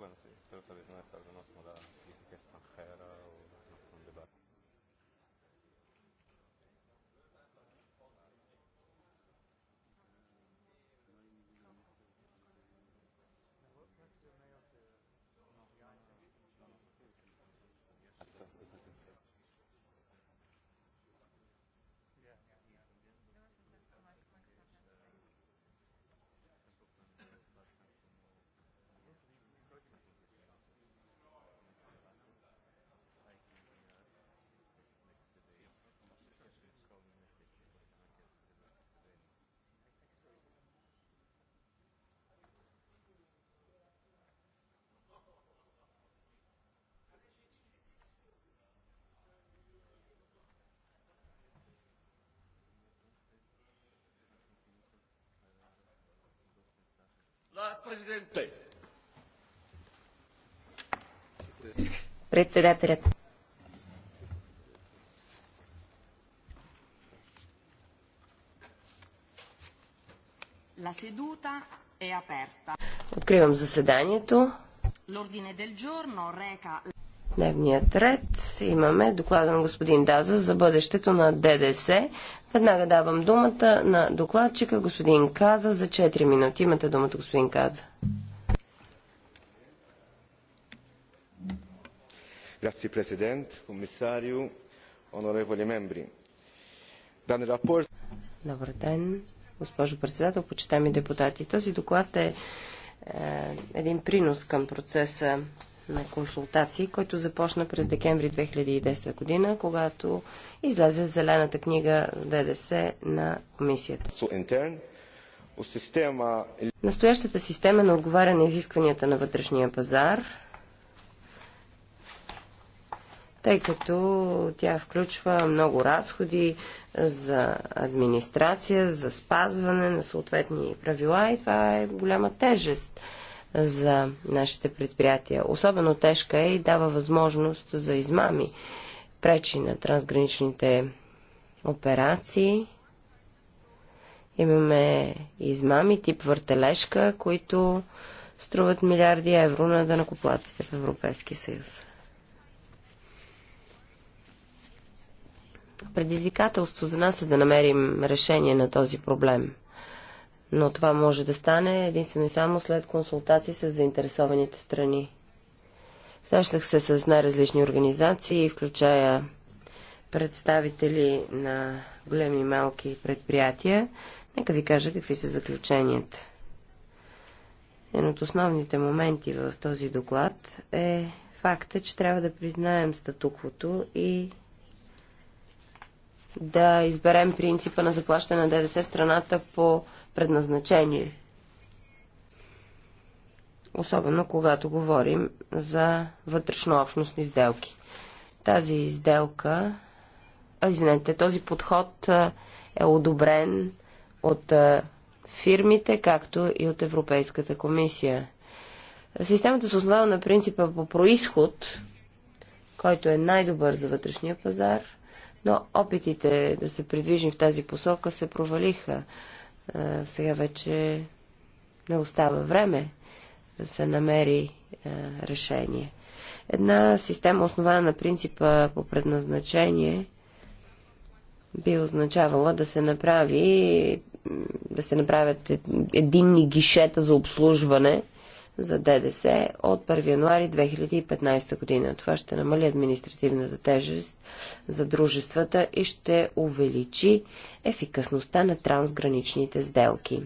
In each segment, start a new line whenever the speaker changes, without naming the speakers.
bueno, sí, pero vez no es algo no es como la política extranjera o la президенте.
Председателят.
La seduta è aperta. Откривам заседанието. L'ordine del giorno reca дневният ред имаме доклада на господин Даза за бъдещето на ДДС. Веднага давам думата на докладчика господин Каза за 4 минути. Имате думата, господин Каза.
Grazie президент, комисарио, onorevoli мембри. Данный рапорт...
Добър ден, госпожо председател, почитаеми депутати. Този доклад е, е един принос към процеса на консултации, който започна през декември 2010 година, когато излезе зелената книга ДДС на комисията. Настоящата система не отговаря на изискванията на вътрешния пазар, тъй като тя включва много разходи за администрация, за спазване на съответни правила и това е голяма тежест за нашите предприятия. Особено тежка е и дава възможност за измами, пречи на трансграничните операции. Имаме измами тип въртележка, които струват милиарди евро на данакоплатите в Европейския съюз. Предизвикателство за нас е да намерим решение на този проблем. Но това може да стане единствено и само след консултации с заинтересованите страни. Срещах се с най-различни организации, включая представители на големи и малки предприятия. Нека ви кажа какви са заключенията. Един от основните моменти в този доклад е факта, че трябва да признаем статуквото и да изберем принципа на заплащане на ДДС в страната по предназначение. Особено когато говорим за вътрешнообщностни сделки. Тази изделка, а, извинете, този подход е одобрен от фирмите, както и от Европейската комисия. Системата се основава на принципа по происход, който е най-добър за вътрешния пазар, но опитите да се придвижим в тази посока се провалиха а, сега вече не остава време да се намери а, решение. Една система, основана на принципа по предназначение, би означавала да се направи да се направят е, единни гишета за обслужване за ДДС от 1 януари 2015 година. Това ще намали административната тежест за дружествата и ще увеличи ефикасността на трансграничните сделки.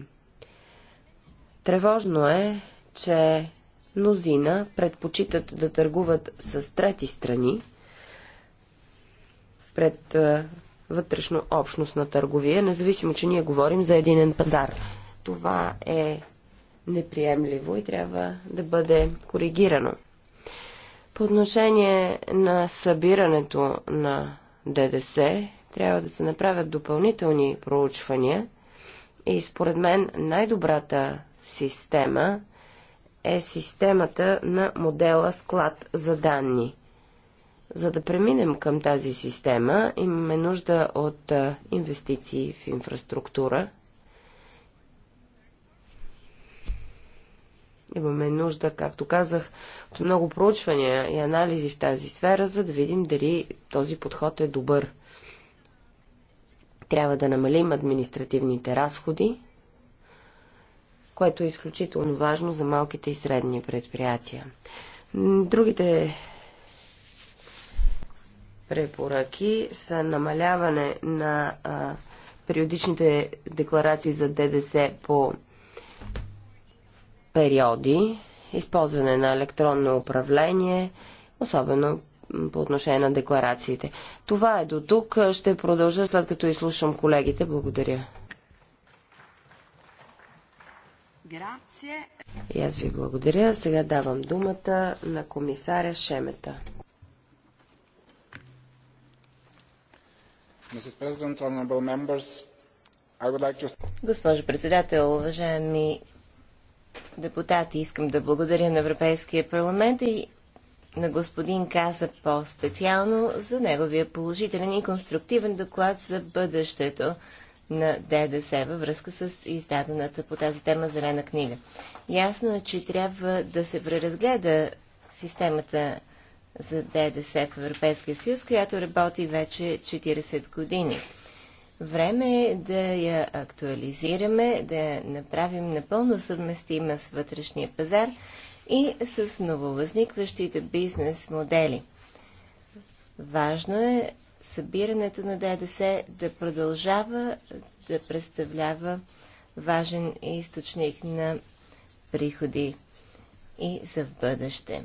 Тревожно е, че мнозина предпочитат да търгуват с трети страни пред е, вътрешно общностна търговия, независимо, че ние говорим за единен пазар. Това е неприемливо и трябва да бъде коригирано. По отношение на събирането на ДДС, трябва да се направят допълнителни проучвания и според мен най-добрата система е системата на модела склад за данни. За да преминем към тази система, имаме нужда от инвестиции в инфраструктура – Имаме нужда, както казах, от много проучвания и анализи в тази сфера, за да видим дали този подход е добър. Трябва да намалим административните разходи, което е изключително важно за малките и средни предприятия. Другите препоръки са намаляване на а, периодичните декларации за ДДС по периоди, използване на електронно управление, особено по отношение на декларациите. Това е до тук. Ще продължа след като изслушам колегите. Благодаря. И аз ви благодаря. Сега давам думата на комисаря Шемета.
Госпожо председател, уважаеми депутати. Искам да благодаря на Европейския парламент и на господин Каса по-специално за неговия положителен и конструктивен доклад за бъдещето на ДДС във връзка с издадената по тази тема зелена книга. Ясно е, че трябва да се преразгледа системата за ДДС в Европейския съюз, която работи вече 40 години. Време е да я актуализираме, да я направим напълно съвместима с вътрешния пазар и с нововъзникващите бизнес модели. Важно е събирането на ДДС да продължава да представлява важен източник на приходи и за в бъдеще.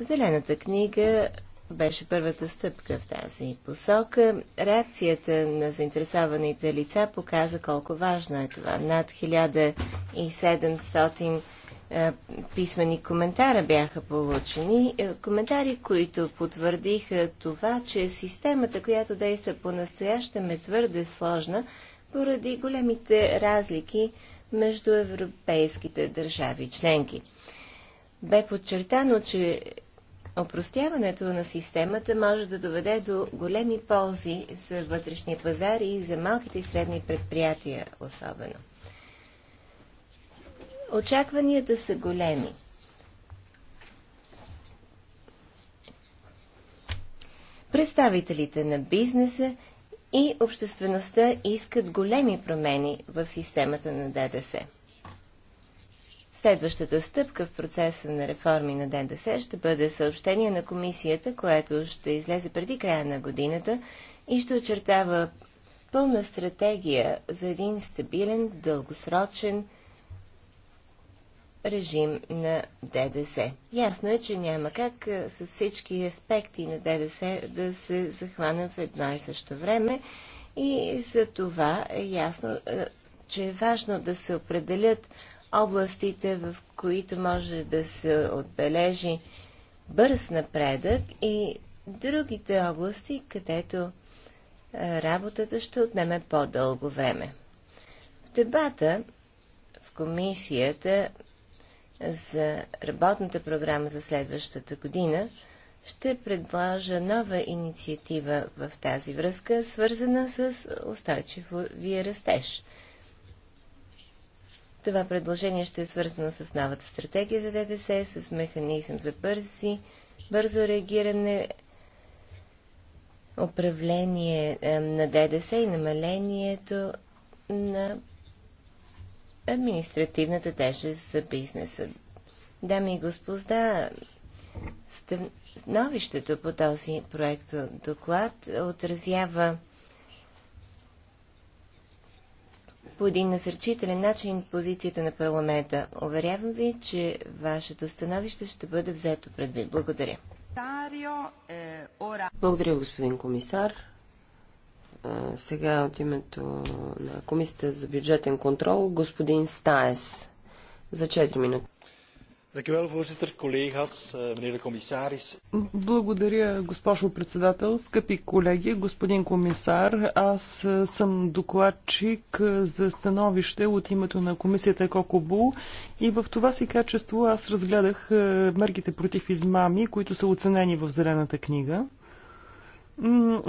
Зелената книга беше първата стъпка в тази посока. Реакцията на заинтересованите лица показа колко важно е това. Над 1700 е, писмени коментара бяха получени. Е, коментари, които потвърдиха това, че системата, която действа по-настоящем е твърде сложна поради големите разлики между европейските държави членки. Бе подчертано, че Опростяването на системата може да доведе до големи ползи за вътрешния пазар и за малките и средни предприятия особено. Очакванията са големи. Представителите на бизнеса и обществеността искат големи промени в системата на ДДС. Следващата стъпка в процеса на реформи на ДДС ще бъде съобщение на комисията, което ще излезе преди края на годината и ще очертава пълна стратегия за един стабилен, дългосрочен режим на ДДС. Ясно е, че няма как с всички аспекти на ДДС да се захвана в едно и също време и за това е ясно, че е важно да се определят областите, в които може да се отбележи бърз напредък и другите области, където работата ще отнеме по-дълго време. В дебата в комисията за работната програма за следващата година ще предложа нова инициатива в тази връзка, свързана с устойчиво растеж – това предложение ще е свързано с новата стратегия за ДДС, с механизъм за бързи, бързо реагиране, управление на ДДС и намалението на административната тежест за бизнеса. Дами и господа, становището по този проект доклад отразява по един насърчителен начин позицията на парламента. Уверявам ви, че вашето
становище ще бъде взето предвид. Благодаря. Е, Благодаря, господин комисар. Сега от името на Комисията за бюджетен контрол господин Стаес за 4 минути.
Eh, Благодаря, госпожо председател, скъпи колеги, господин комисар. Аз е, съм докладчик е, за становище от името на комисията Кокобу и в това си качество аз разгледах е, мерките против измами, които са оценени в Зелената книга.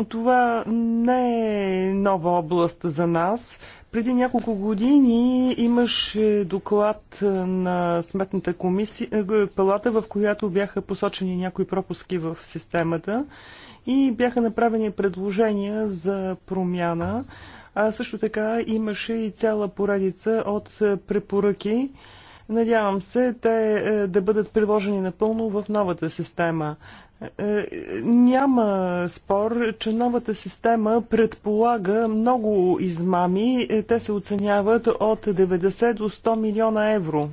Това не е нова област за нас. Преди няколко години имаше доклад на Сметната комисия, е, палата, в която бяха посочени някои пропуски в системата и бяха направени предложения за промяна. А също така имаше и цяла поредица от препоръки. Надявам се те е, да бъдат приложени напълно в новата система. Е, няма спор, че новата система предполага много измами. Е, те се оценяват от 90 до 100 милиона евро.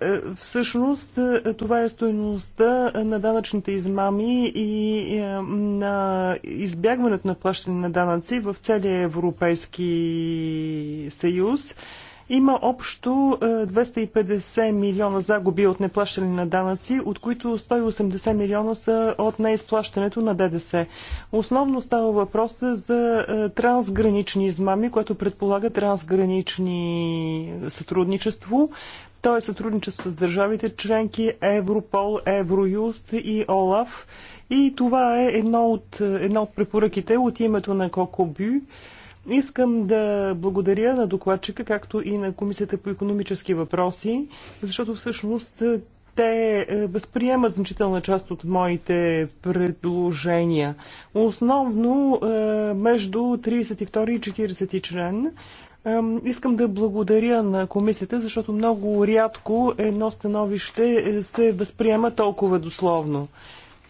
Е, всъщност това е стоеността на данъчните измами и на избягването на плащане на данъци в целия Европейски съюз. Има общо 250 е, милиона загуби от неплащане на данъци, от които 180 милиона са от неизплащането на ДДС. Основно става въпрос за е, трансгранични измами, което предполага трансгранични сътрудничество. Той е сътрудничество с държавите членки Европол, Евроюст и ОЛАФ. И това е едно от, е, едно от препоръките от името на Кокобю Искам да благодаря на докладчика, както и на Комисията по економически въпроси, защото всъщност е, те е, възприемат значителна част от моите предложения. Основно е, между 32 и 40 член. Искам да благодаря на комисията, защото много рядко едно становище се възприема толкова дословно.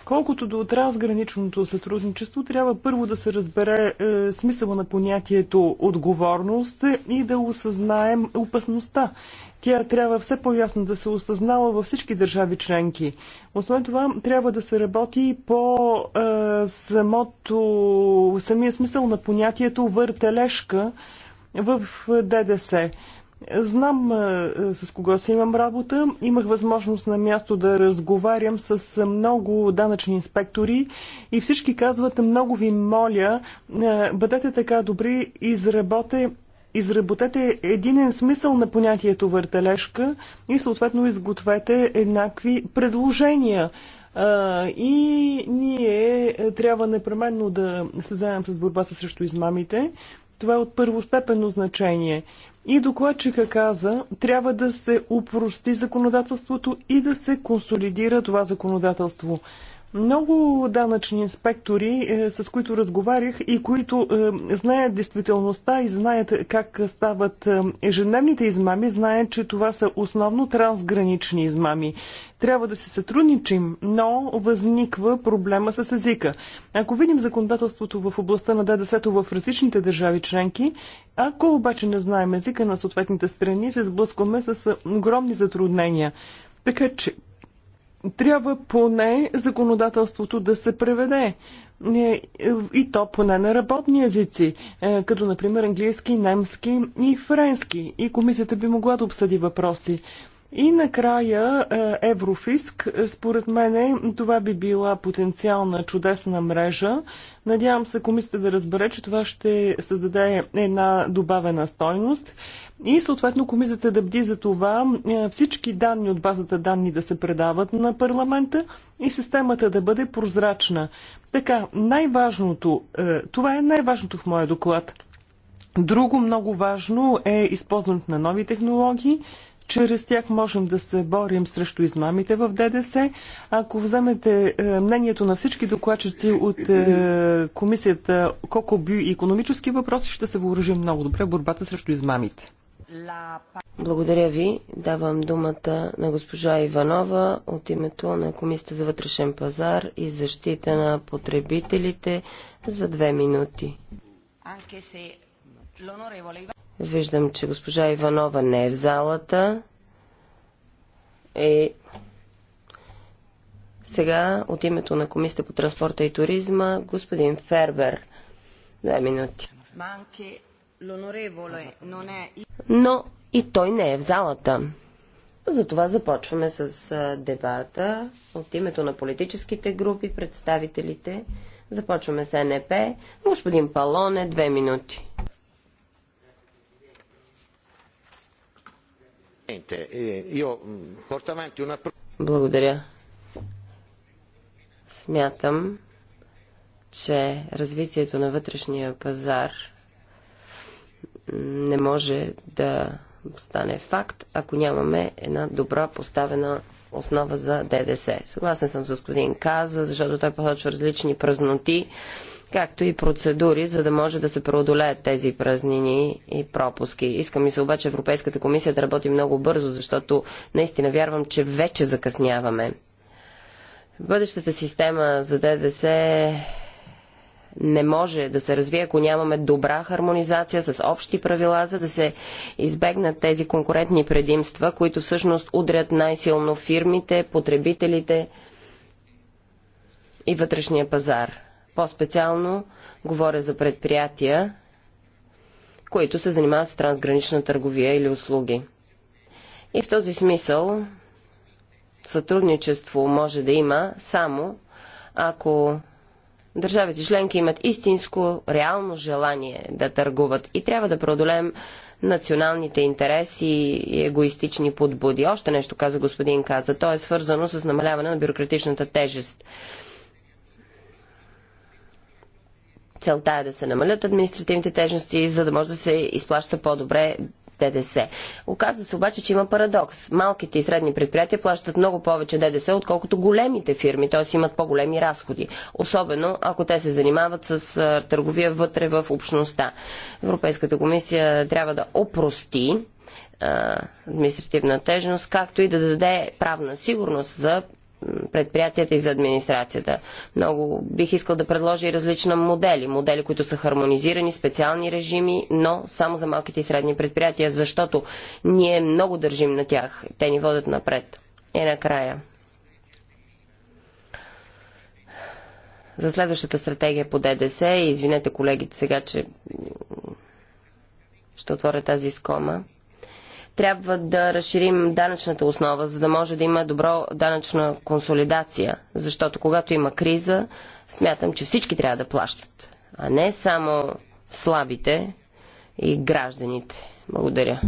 Колкото до трансграничното сътрудничество, трябва първо да се разбере е, смисъла на понятието отговорност и да осъзнаем опасността. Тя трябва все по-ясно да се осъзнава във всички държави членки. Освен това, трябва да се работи по е, самото, самия смисъл на понятието въртележка в е, ДДС. Знам е, е, с кого си имам работа. Имах възможност на място да разговарям с много данъчни инспектори и всички казват, много ви моля, е, бъдете така добри, изработе, изработете единен смисъл на понятието въртележка и съответно изгответе еднакви предложения. И ние трябва непременно да се заемем с борба срещу измамите. Това е от първостепенно значение. И докладчика каза, трябва да се упрости законодателството и да се консолидира това законодателство. Много данъчни инспектори, е, с които разговарях и които е, знаят действителността и знаят как стават е, ежедневните измами, знаят, че това са основно трансгранични измами. Трябва да се сътрудничим, но възниква проблема с езика. Ако видим законодателството в областта на ДДС в различните държави членки, ако обаче не знаем езика на съответните страни, се сблъскваме с огромни затруднения. Така че трябва поне законодателството да се преведе. Е, и то поне на работни езици, е, като например английски, немски и френски. И комисията би могла да обсъди въпроси. И накрая е, Еврофиск. Според мен това би била потенциална чудесна мрежа. Надявам се комисията да разбере, че това ще създаде една добавена стойност. И съответно комисията да бди за това е, всички данни от базата данни да се предават на парламента и системата да бъде прозрачна. Така, най-важното, е, това е най-важното в моя доклад. Друго много важно е използването на нови технологии, чрез тях можем да се борим срещу измамите в ДДС. Ако вземете е, мнението на всички докладчици от е, комисията Коко Бю и економически въпроси, ще се въоръжим много добре в борбата срещу измамите.
Благодаря ви. Давам думата на госпожа Иванова от името на Комисията за вътрешен пазар и защита на потребителите за две минути. Виждам, че госпожа Иванова не е в залата. и е, Сега от името на Комисията по транспорта и туризма господин Фербер. Две минути. Но и той не е в залата. Затова започваме с дебата от името на политическите групи, представителите. Започваме с НП. Господин Палоне, две минути. Eh, mm, Благодаря. Смятам, че развитието на вътрешния пазар не може да стане факт, ако нямаме една добра поставена основа за ДДС. Съгласен съм с господин Каза, защото той посочва различни празноти както и процедури, за да може да се преодолеят тези празнини и пропуски. Искам и се обаче Европейската комисия да работи много бързо, защото наистина вярвам, че вече закъсняваме. Бъдещата система за ДДС не може да се развие, ако нямаме добра хармонизация с общи правила, за да се избегнат тези конкурентни предимства, които всъщност удрят най-силно фирмите, потребителите и вътрешния пазар. По-специално говоря за предприятия, които се занимават с трансгранична търговия или услуги. И в този смисъл сътрудничество може да има само ако държавите членки имат истинско, реално желание да търгуват и трябва да преодолеем националните интереси и егоистични подбуди. Още нещо каза господин Каза. То е свързано с намаляване на бюрократичната тежест. Целта е да се намалят административните тежности, за да може да се изплаща по-добре ДДС. Оказва се обаче, че има парадокс. Малките и средни предприятия плащат много повече ДДС, отколкото големите фирми, т.е. имат по-големи разходи. Особено ако те се занимават с търговия вътре в общността. Европейската комисия трябва да опрости административна тежност, както и да даде правна сигурност за предприятията и за администрацията. Много бих искал да предложа и различна модели. Модели, които са хармонизирани, специални режими, но само за малките и средни предприятия, защото ние много държим на тях. Те ни водят напред. Е накрая. За следващата стратегия по ДДС, извинете колегите сега, че ще отворя тази скома. Трябва да разширим данъчната основа, за да може да има добро данъчна консолидация. Защото когато има криза, смятам, че всички трябва да плащат, а не само слабите и гражданите. Благодаря.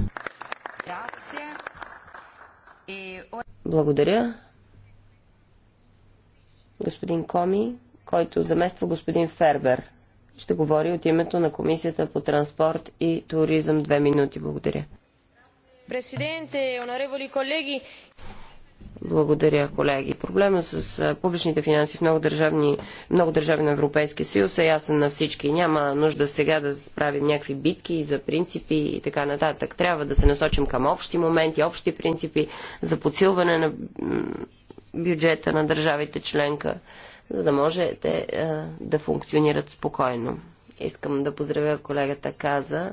Благодаря. Господин Коми, който замества господин Фербер, ще говори от името на Комисията по транспорт и туризъм. Две минути. Благодаря. Благодаря, колеги. Проблема с публичните финанси в много, държавни, много държави на Европейския съюз е ясен на всички. Няма нужда сега да правим някакви битки за принципи и така нататък. Трябва да се насочим към общи моменти, общи принципи за подсилване на бюджета на държавите членка, за да може те да функционират спокойно. Искам да поздравя колегата Каза,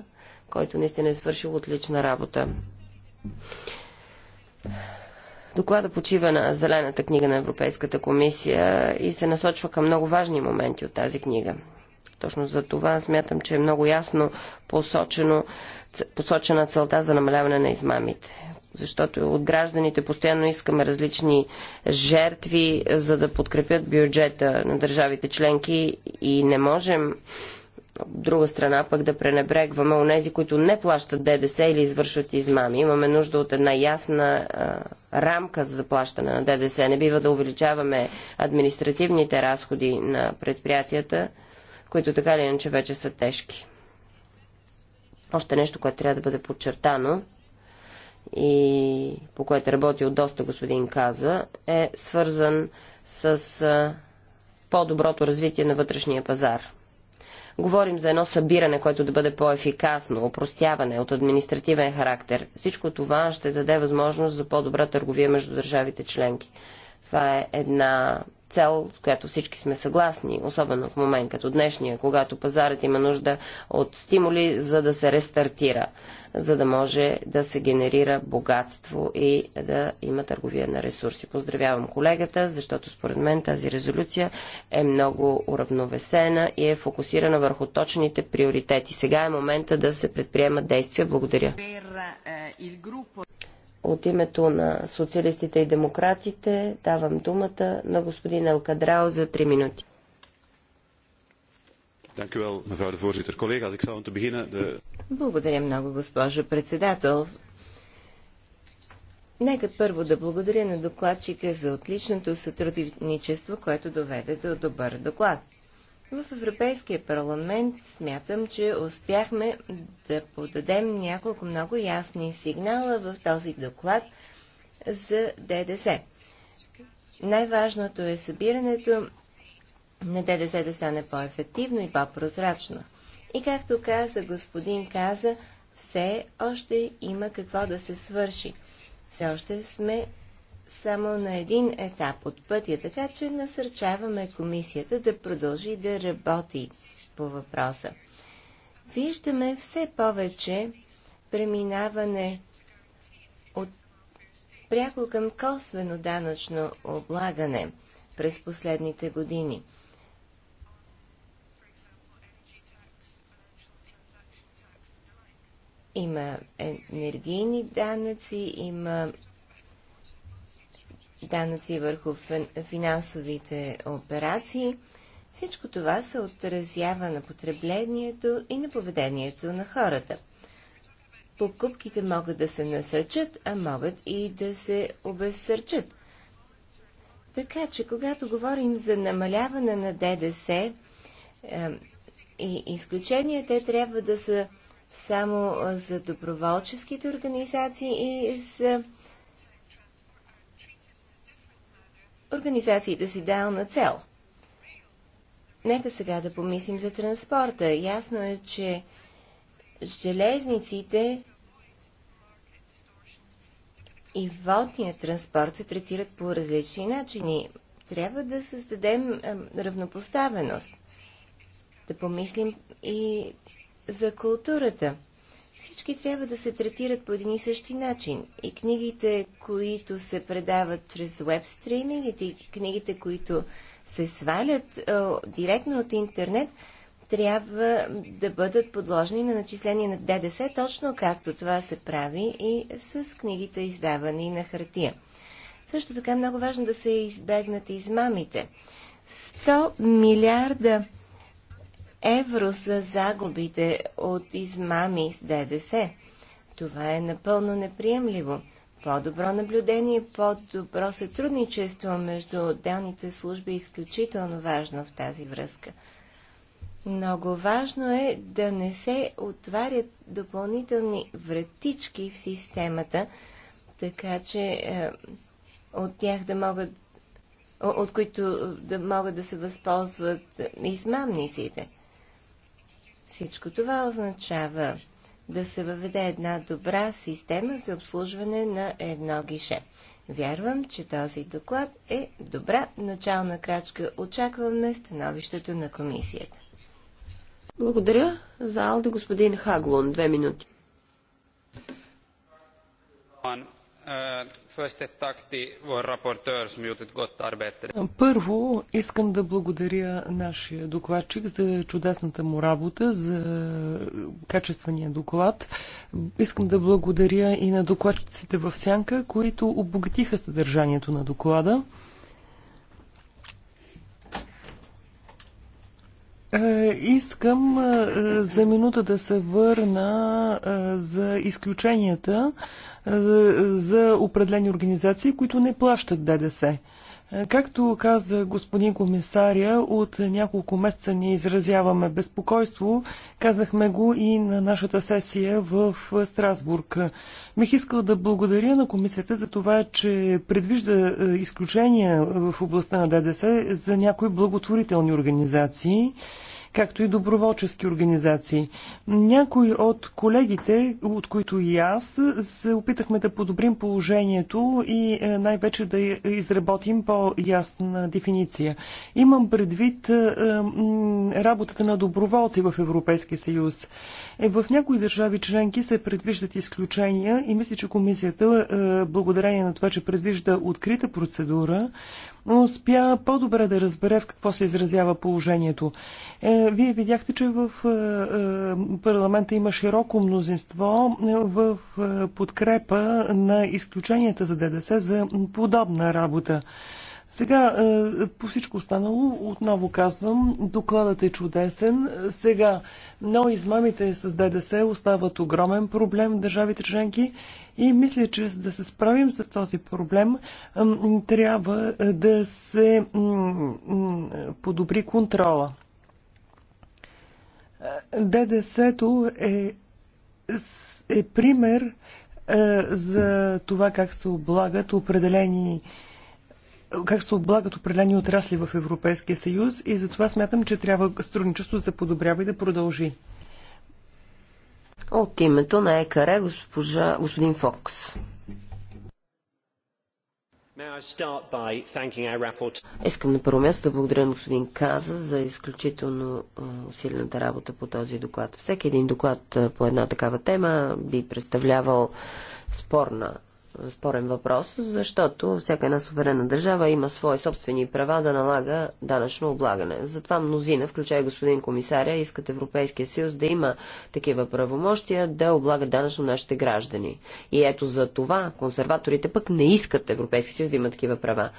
който наистина е свършил отлична работа. Доклада почива на Зелената книга на Европейската комисия и се насочва към много важни моменти от тази книга. Точно за това смятам, че е много ясно посочено, посочена целта за намаляване на измамите. Защото от гражданите постоянно искаме различни жертви, за да подкрепят бюджета на държавите членки и не можем друга страна пък да пренебрегваме у нези, които не плащат ДДС или извършват измами. Имаме нужда от една ясна а, рамка за заплащане на ДДС. Не бива да увеличаваме административните разходи на предприятията, които така или иначе вече са тежки. Още нещо, което трябва да бъде подчертано и по което работи работил доста господин Каза, е свързан с по-доброто развитие на вътрешния пазар Говорим за едно събиране, което да бъде по-ефикасно, опростяване от административен характер. Всичко това ще даде възможност за по-добра търговия между държавите членки. Това е една цел, с която всички сме съгласни, особено в момент като днешния, когато пазарът има нужда от стимули, за да се рестартира, за да може да се генерира богатство и да има търговия на ресурси. Поздравявам колегата, защото според мен тази резолюция е много уравновесена и е фокусирана върху точните приоритети. Сега е момента да се предприемат действия. Благодаря. От името на социалистите и демократите давам думата на господин Елкадрал за 3 минути. Благодаря много,
госпожо председател. Нека първо да благодаря на докладчика за отличното сътрудничество, което доведе до добър доклад. В Европейския парламент смятам, че успяхме да подадем няколко много ясни сигнала в този доклад за ДДС. Най-важното е събирането на ДДС да стане по-ефективно и по-прозрачно. И както каза господин Каза, все още има какво да се свърши. Все още сме само на един етап от пътя, така че насърчаваме комисията да продължи да работи по въпроса. Виждаме все повече преминаване от пряко към косвено данъчно облагане през последните години. Има енергийни данъци, има данъци върху финансовите операции. Всичко това се отразява на потреблението и на поведението на хората. Покупките могат да се насърчат, а могат и да се обезсърчат. Така че, когато говорим за намаляване на ДДС е, и изключения, те трябва да са само за доброволческите организации и за организациите дал на цел. Нека сега да помислим за транспорта. Ясно е, че железниците и водният транспорт се третират по различни начини. Трябва да създадем равнопоставеност. Да помислим и за културата. Всички трябва да се третират по един и същи начин. И книгите, които се предават чрез веб стриминг, и книгите, които се свалят а, директно от интернет, трябва да бъдат подложени на начисление на ДДС, точно както това се прави и с книгите издавани на хартия. Също така е много важно да се избегнат измамите. 100 милиарда евро за загубите от измами с ДДС. Това е напълно неприемливо. По-добро наблюдение, по-добро сътрудничество между отделните служби е изключително важно в тази връзка. Много важно е да не се отварят допълнителни вратички в системата, така че е, от тях да могат, от които да могат да се възползват измамниците. Всичко това означава да се въведе една добра система за обслужване на едно гише. Вярвам, че този доклад е добра начална крачка. Очакваме становището на комисията.
Благодаря. За Алда господин Хаглун. Две минути.
Първо искам да благодаря нашия докладчик за чудесната му работа, за качествения доклад. Искам да благодаря и на докладчиците в Сянка, които обогатиха съдържанието на доклада. Е, искам е, за минута да се върна е, за изключенията, е, за определени организации, които не плащат ДДС. Е, както каза господин комисаря, от няколко месеца ни изразяваме безпокойство. Казахме го и на нашата сесия в Страсбург. Бих искал да благодаря на комисията за това, че предвижда е, изключения в областта на ДДС за някои благотворителни организации както и доброволчески организации. Някои от колегите, от които и аз, се опитахме да подобрим положението и е, най-вече да изработим по-ясна дефиниция. Имам предвид е, работата на доброволци в Европейския съюз. Е, в някои държави членки се предвиждат изключения и мисля, че комисията, благодарение на това, че предвижда открита процедура, успя по-добре да разбере в какво се изразява положението. Е, вие видяхте, че в е, е парламента има широко мнозинство е, в е, подкрепа на изключенията за ДДС за подобна работа. Сега, е, по всичко останало, отново казвам, докладът е чудесен. Сега, но измамите с ДДС остават огромен проблем в държавите членки и мисля, че да се справим с този проблем, трябва е, да се подобри контрола. ДДС е, е пример е, за това как се облагат определени как се облагат определени отрасли в Европейския съюз и затова смятам, че трябва сътрудничество да подобрява и да продължи.
От името на ЕКАРЕ госпожа, господин Фокс. Искам на първо място да благодаря на господин Каза за изключително усилената работа по този доклад. Всеки един доклад по една такава тема би представлявал спорна спорен въпрос, защото всяка една суверена държава има свои собствени права да налага данъчно облагане. Затова мнозина, включая господин комисаря, искат Европейския съюз да има такива правомощия да облага данъчно нашите граждани. И ето за това консерваторите пък не искат Европейския съюз да има такива права.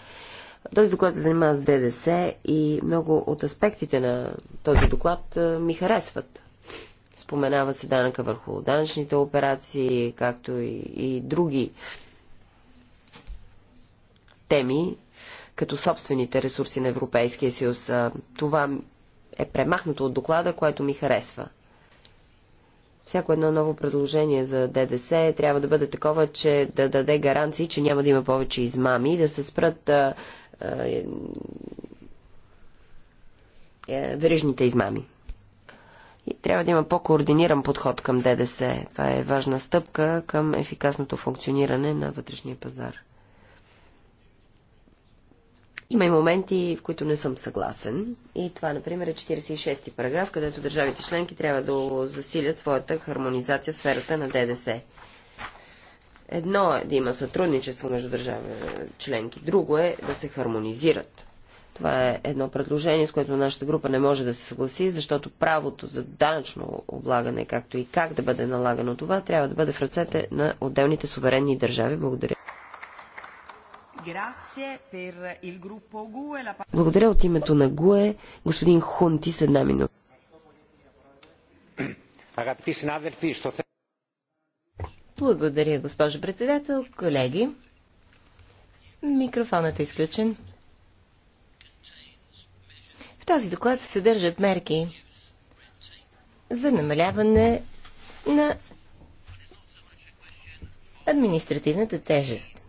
Този доклад се занимава с ДДС и много от аспектите на този доклад ми харесват. Споменава се данъка върху данъчните операции, както и, и други теми, като собствените ресурси на Европейския съюз. Това е премахнато от доклада, което ми харесва. Всяко едно ново предложение за ДДС трябва да бъде такова, че да даде гаранции, че няма да има повече измами и да се спрат а, а, е, е, верижните измами. И трябва да има по-координиран подход към ДДС. Това е важна стъпка към ефикасното функциониране на вътрешния пазар. Има и моменти, в които не съм съгласен. И това, например, е 46-ти параграф, където държавите членки трябва да засилят своята хармонизация в сферата на ДДС. Едно е да има сътрудничество между държави е, членки, друго е да се хармонизират. Това е едно предложение, с което нашата група не може да се съгласи, защото правото за данъчно облагане, както и как да бъде налагано това, трябва да бъде в ръцете на отделните суверенни държави. Благодаря. Благодаря от името на ГУЕ, господин Хунти с една
минута.
Благодаря, госпожо председател. Колеги, микрофонът е изключен. В този доклад се съдържат мерки за намаляване на административната тежест.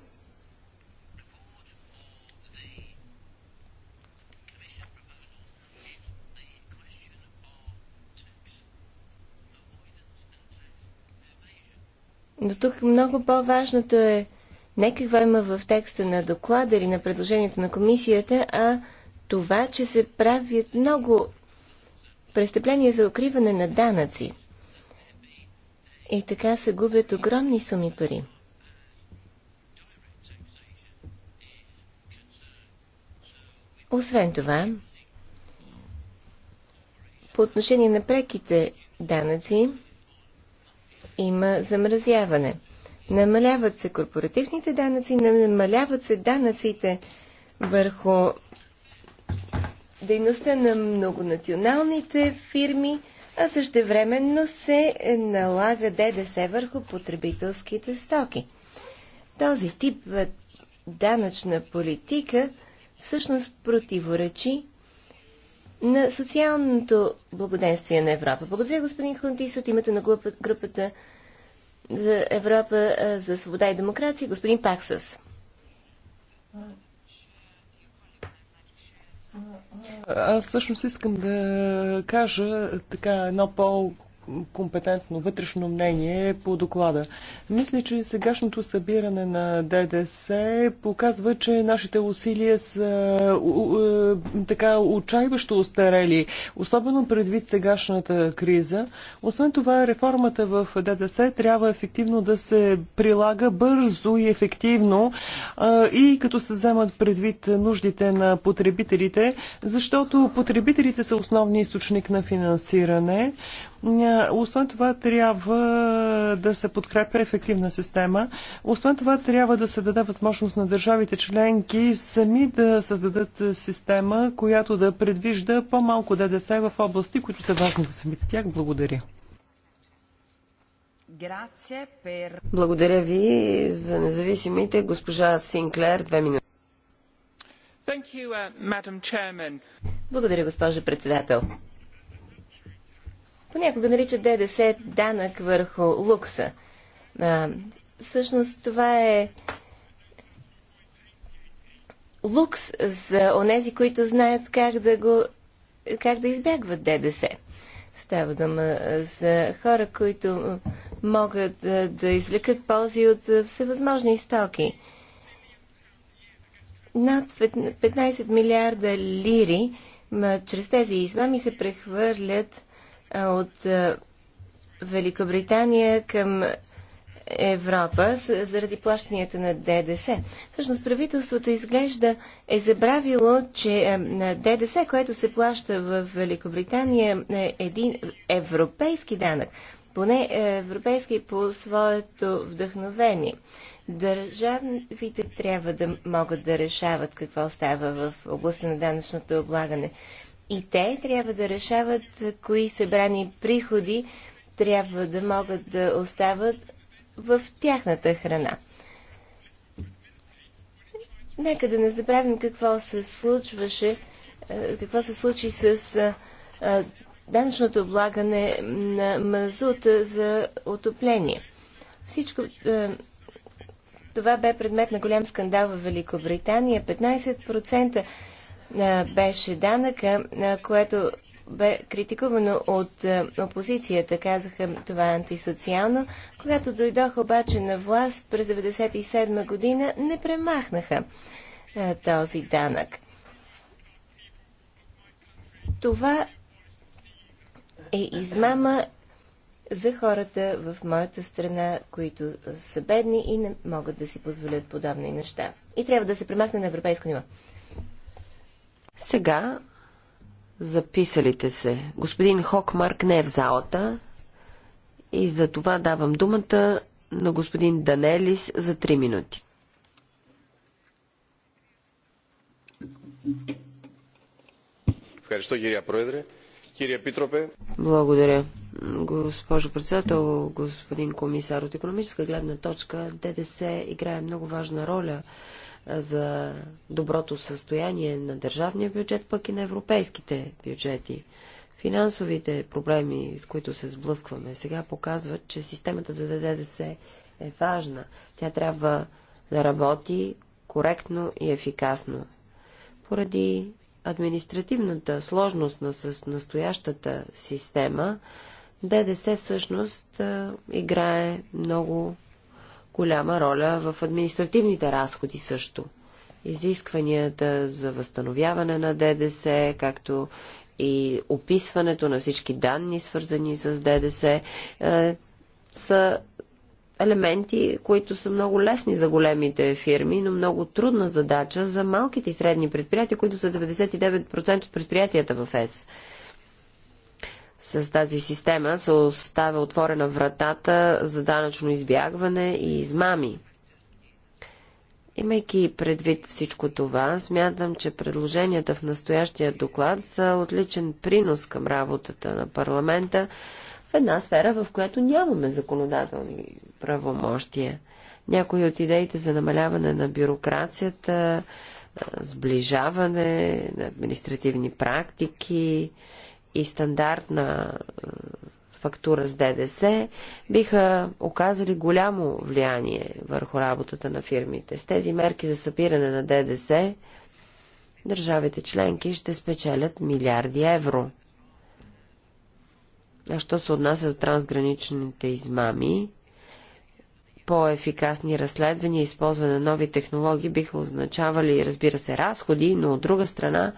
Но тук много по-важното е не какво има в текста на доклада или на предложението на комисията, а това, че се правят много престъпления за укриване на данъци. И така се губят огромни суми пари. Освен това, по отношение на преките данъци, има замразяване. Намаляват се корпоративните данъци, намаляват се данъците върху дейността на многонационалните фирми, а същевременно се налага ДДС върху потребителските стоки. Този тип данъчна политика всъщност противоречи на социалното благоденствие на Европа. Благодаря, господин Хунтис, от името на групата за Европа за свобода и демокрация, господин Паксас.
Аз всъщност искам да кажа така едно по компетентно вътрешно мнение по доклада. Мисля, че сегашното събиране на ДДС показва, че нашите усилия са е, така отчаиващо устарели, особено предвид сегашната криза. Освен това, реформата в ДДС трябва ефективно да се прилага бързо и ефективно и като се вземат предвид нуждите на потребителите, защото потребителите са основни източник на финансиране. Освен това, трябва да се подкрепя ефективна система. Освен това, трябва да се даде възможност на държавите членки сами да създадат система, която да предвижда по-малко ДДС в области, които са важни за самите тях. Благодаря.
Благодаря ви за независимите. Госпожа Синклер, две минути.
Uh,
Благодаря, госпожа председател
понякога наричат ДДС данък върху лукса. А, всъщност това е лукс за онези, които знаят как да, го, как да избягват ДДС. Става дума за хора, които могат да, да извлекат ползи от всевъзможни стоки. Над 15 милиарда лири чрез тези измами се прехвърлят от е, Великобритания към Европа заради плащанията на ДДС. Всъщност правителството изглежда е забравило, че е, на ДДС, което се плаща в Великобритания, е един европейски данък, поне европейски по своето вдъхновение. Държавите трябва да могат да решават какво става в областта на данъчното облагане. И те трябва да решават кои събрани приходи трябва да могат да остават в тяхната храна. Нека да не забравим какво се случваше, е, какво се случи с е, е, данъчното облагане на мазута за отопление. Всичко това бе предмет на голям скандал в Великобритания. 15% беше данъка, което бе критикувано от опозицията. Казаха това е антисоциално. Когато дойдох обаче на власт през 1997 година, не премахнаха този данък. Това е измама за хората в моята страна, които са бедни и не могат да си позволят подобни неща. И трябва да се премахне на европейско
ниво. Сега записалите се. Господин Хокмарк не е в залата и за това давам думата на господин Данелис за 3 минути. Благодаря. Госпожо председател, господин комисар, от економическа гледна точка ДДС играе много важна роля за доброто състояние на държавния бюджет, пък и на европейските бюджети. Финансовите проблеми, с които се сблъскваме сега, показват, че системата за ДДС е важна. Тя трябва да работи коректно и ефикасно. Поради административната сложност на с настоящата система, ДДС всъщност играе много голяма роля в административните разходи също. Изискванията за възстановяване на ДДС, както и описването на всички данни, свързани с ДДС, е, са елементи, които са много лесни за големите фирми, но много трудна задача за малките и средни предприятия, които са 99% от предприятията в ЕС с тази система се оставя отворена вратата за данъчно избягване и измами. Имайки предвид всичко това, смятам, че предложенията в настоящия доклад са отличен принос към работата на парламента в една сфера, в която нямаме законодателни правомощия. Някои от идеите за намаляване на бюрокрацията, сближаване на административни практики, и стандартна е, фактура с ДДС биха оказали голямо влияние върху работата на фирмите. С тези мерки за събиране на ДДС държавите членки ще спечелят милиарди евро. А що се отнася до трансграничните измами, по-ефикасни разследвания и използване на нови технологии биха означавали, разбира се, разходи, но от друга страна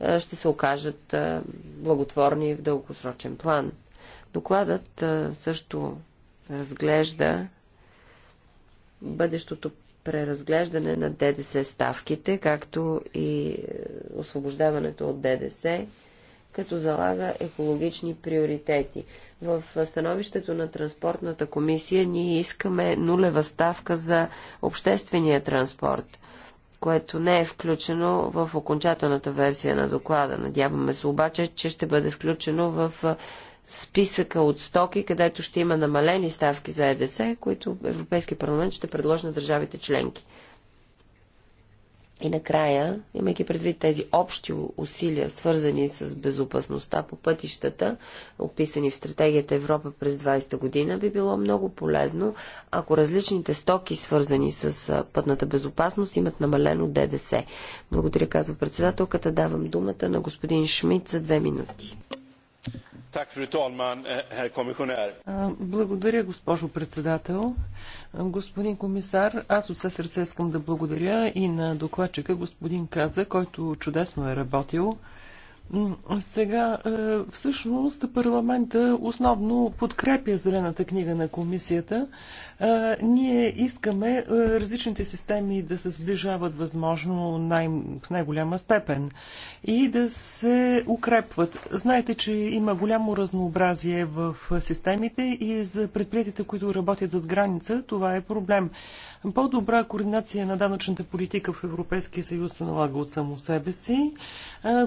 е, ще се окажат е, благотворни в дългосрочен план. Докладът е, също разглежда бъдещото преразглеждане на ДДС ставките, както и освобождаването от ДДС, като залага екологични приоритети. В становището на Транспортната комисия ние искаме нулева ставка за обществения транспорт – което не е включено в окончателната версия на доклада. Надяваме се обаче, че ще бъде включено в списъка от стоки, където ще има намалени ставки за ЕДС, които Европейски парламент ще предложи на държавите членки. И накрая, имайки предвид тези общи усилия, свързани с безопасността по пътищата, описани в стратегията Европа през 20-та година, би било много полезно, ако различните стоки, свързани с пътната безопасност, имат намалено ДДС. Благодаря, казва председателката. Давам думата на господин Шмидт за две минути.
Eh,
благодаря, госпожо председател. Господин комисар, аз от все сърце искам да благодаря и на докладчика господин Каза, който чудесно е работил. Сега, е, всъщност, парламента основно подкрепя зелената книга на комисията, ние искаме различните системи да се сближават възможно най- в най-голяма степен и да се укрепват. Знаете, че има голямо разнообразие в системите и за предприятите, които работят зад граница, това е проблем. По-добра координация на данъчната политика в Европейския съюз се налага от само себе си,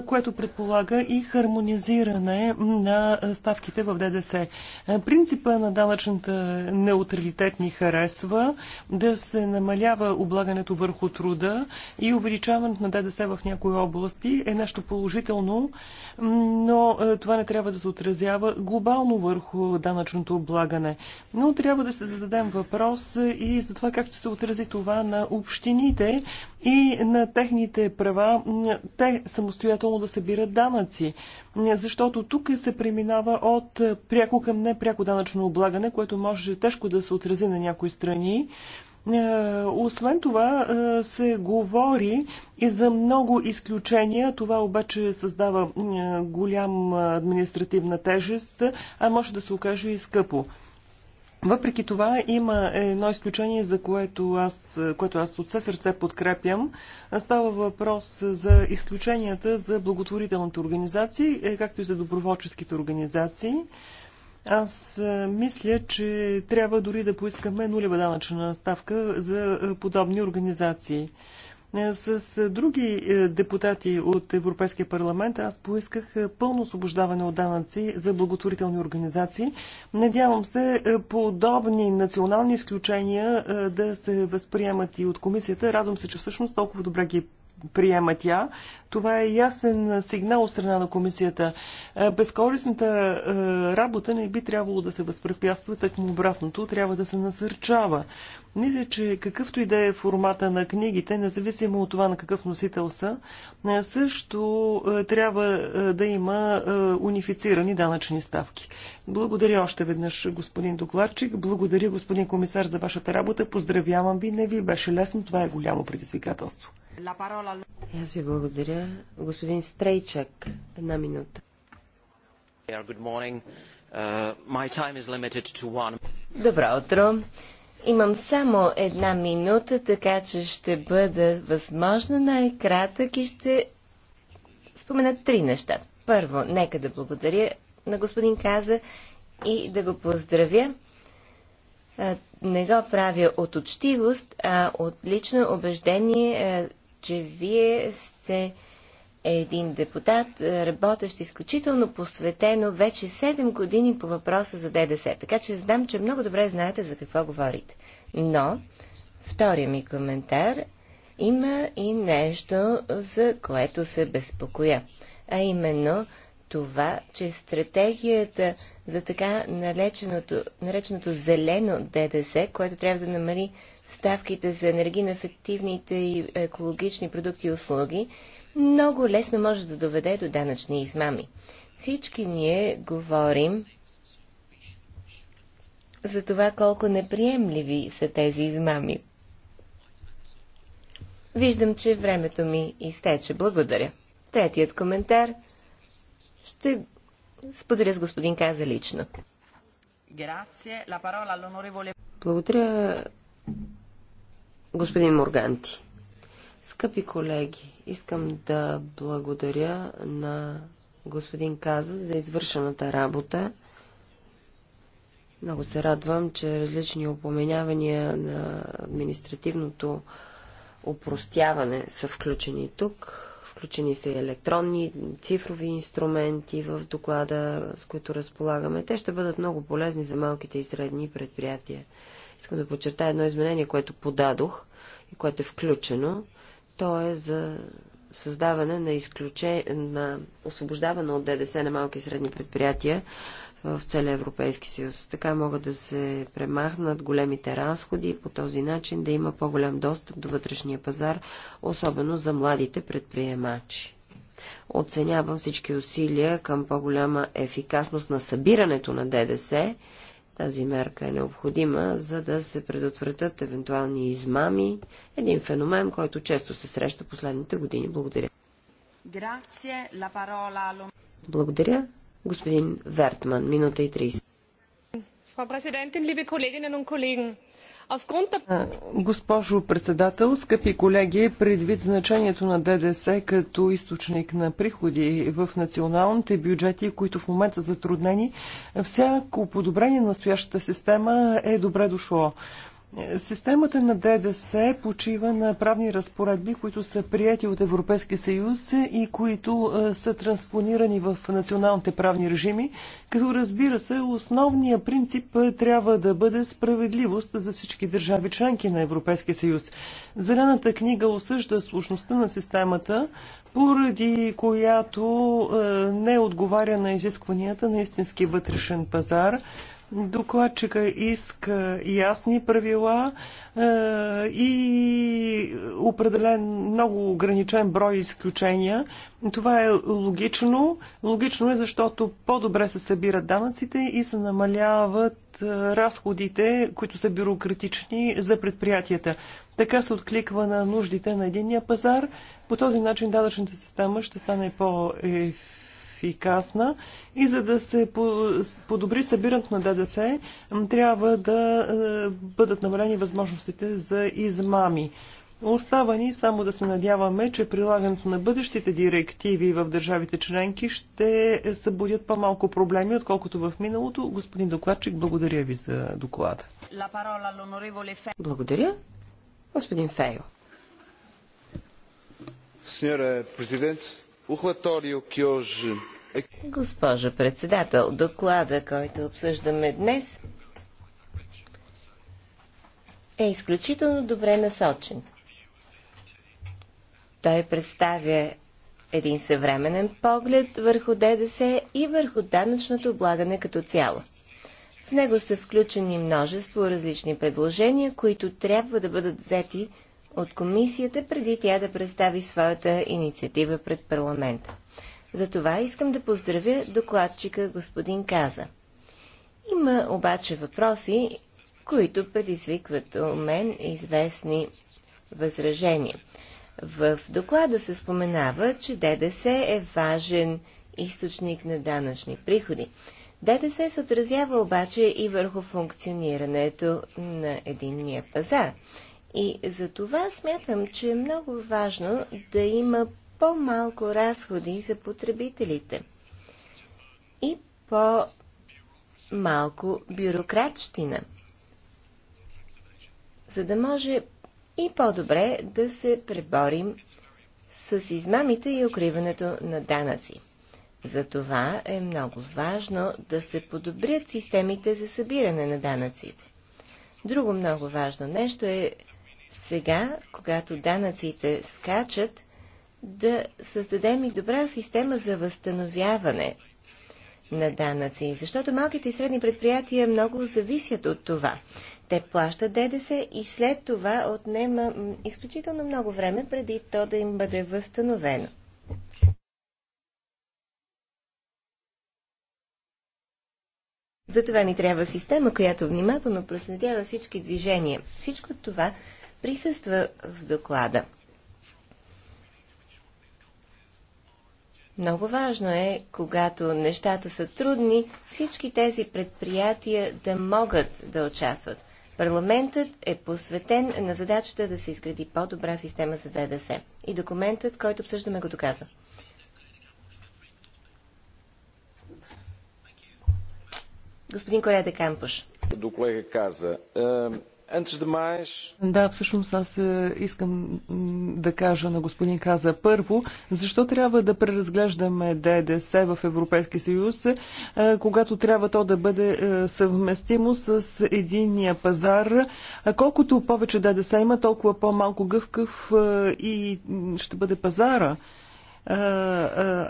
което предполага и хармонизиране на ставките в ДДС. Принципа на данъчната неутралитет ни харесва, да се намалява облагането върху труда и увеличаването на ДДС в някои области е нещо положително, но е, това не трябва да се отразява глобално върху данъчното облагане. Но трябва да се зададем въпрос е, и за това как ще се отрази това на общините и на техните права те самостоятелно да събират данъци. Защото тук се преминава от пряко към непряко данъчно облагане, което може тежко да се отрази на някои страни. Е, освен това е, се говори и за много изключения. Това обаче създава е, голям административна тежест, а може да се окаже и скъпо. Въпреки това има едно изключение, за което аз, което аз от все сърце подкрепям. Става въпрос за изключенията за благотворителните организации, както и за доброволческите организации. Аз е, мисля, че трябва дори да поискаме нулева данъчна ставка за е, подобни организации. Е, с други депутати от Европейския парламент аз поисках пълно освобождаване от данъци за благотворителни организации. Надявам се подобни национални изключения да се възприемат и от комисията. Радвам се, че всъщност толкова добре ги приема тя. Това е ясен сигнал от страна на комисията. Е, Безкорисната е, работа не би трябвало да се възпрепятства, так му обратното, трябва да се насърчава. Мисля, че какъвто и да е формата на книгите, независимо от това на какъв носител са, е, също трябва да има унифицирани данъчни ставки. Благодаря още веднъж, господин докладчик. Благодаря, господин комисар, за вашата работа. Поздравявам ви. Не ви беше лесно. Това е голямо предизвикателство.
Аз ви благодаря. Господин Стрейчак, една минута.
Uh, Добро утро. Имам само една минута, така че ще бъда възможно най-кратък и ще спомена три неща. Първо, нека да благодаря на господин Каза и да го поздравя. Не го правя от учтивост, а от лично убеждение че вие сте един депутат, е, работещ изключително посветено вече 7 години по въпроса за ДДС. Така че знам, че много добре знаете за какво говорите. Но, втория ми коментар, има и нещо, за което се безпокоя. А именно това, че стратегията за така нареченото, нареченото зелено ДДС, което трябва да намали ставките за енергийно ефективните и екологични продукти и услуги, много лесно може да доведе до данъчни измами. Всички ние говорим за това колко неприемливи са тези измами. Виждам, че времето ми изтече. Благодаря. Третият коментар ще споделя
с господин Каза лично. Благодаря. Господин Морганти. Скъпи колеги, искам да благодаря на господин Каза за извършената работа. Много се радвам, че различни опоменявания на административното упростяване са включени тук. Включени са и електронни, цифрови инструменти в доклада, с които разполагаме. Те ще бъдат много полезни за малките и средни предприятия. Искам да подчертая едно изменение, което подадох и което е включено. То е за създаване на, изключе... на освобождаване от ДДС на малки и средни предприятия в целия Европейски съюз. Така могат да се премахнат големите разходи и по този начин да има по-голям достъп до вътрешния пазар, особено за младите предприемачи. Оценявам всички усилия към по-голяма ефикасност на събирането на ДДС тази мерка е необходима, за да се предотвратят евентуални измами, един феномен, който често се среща последните години. Благодаря. Благодаря. Господин
Вертман, минута и 30.
Frau Präsidentin, liebe Kolleginnen und Kollegen!
Госпожо председател, скъпи колеги, предвид значението на ДДС като източник на приходи в националните бюджети, които в момента затруднени, всяко подобрение на настоящата система е добре дошло. Системата на ДДС почива на правни разпоредби, които са прияти от Европейския съюз и които са транспонирани в националните правни режими, като разбира се, основният принцип трябва да бъде справедливост за всички държави членки на Европейския съюз. Зелената книга осъжда сложността на системата, поради която не отговаря на изискванията на истински вътрешен пазар, Докладчика иска ясни правила е, и определен много ограничен брой изключения. Това е логично. Логично е, защото по-добре се събират данъците и се намаляват е, разходите, които са бюрократични за предприятията. Така се откликва на нуждите на единния пазар. По този начин данъчната система ще стане по-ефективна ефикасна и за да се подобри събирането на ДДС, трябва да е, бъдат намалени възможностите за измами. Остава ни само да се надяваме, че прилагането на бъдещите директиви в държавите членки ще събудят по-малко проблеми, отколкото в миналото. Господин докладчик, благодаря ви за доклада. Благодаря. Господин Фейо.
Сеньора президент,
Госпожо председател, доклада, който обсъждаме днес, е изключително добре насочен. Той представя един съвременен поглед върху ДДС и върху данъчното облагане като цяло. В него са включени множество различни предложения, които трябва да бъдат взети от комисията, преди тя да представи своята инициатива пред парламента. За това искам да поздравя докладчика господин Каза. Има обаче въпроси, които предизвикват у мен известни възражения. В доклада се споменава, че ДДС е важен източник на данъчни приходи. ДДС се отразява обаче и върху функционирането на единния пазар. И за това смятам, че е много важно да има по-малко разходи за потребителите и по-малко бюрократщина, за да може и по-добре да се преборим с измамите и укриването на данъци. За това е много важно да се подобрят системите за събиране на данъците. Друго много важно нещо е сега, когато данъците скачат, да създадем и добра система за възстановяване на данъци, защото малките и средни предприятия много зависят от това. Те плащат ДДС и след това отнема изключително много време преди то да им бъде възстановено. Затова ни трябва система, която внимателно проследява всички движения. Всичко това присъства в доклада. Много важно е, когато нещата са трудни, всички тези предприятия да могат да участват. Парламентът е посветен на задачата да се изгради по-добра система за ДДС. И документът, който обсъждаме, го доказва. Господин Корея Кампуш. До колега каза,
да, всъщност аз е, искам да кажа на господин Каза първо, защо трябва да преразглеждаме ДДС в Европейския съюз, е, когато трябва то да бъде е, съвместимо с единния пазар. Колкото повече ДДС има, толкова по-малко гъвкав и ще бъде пазара.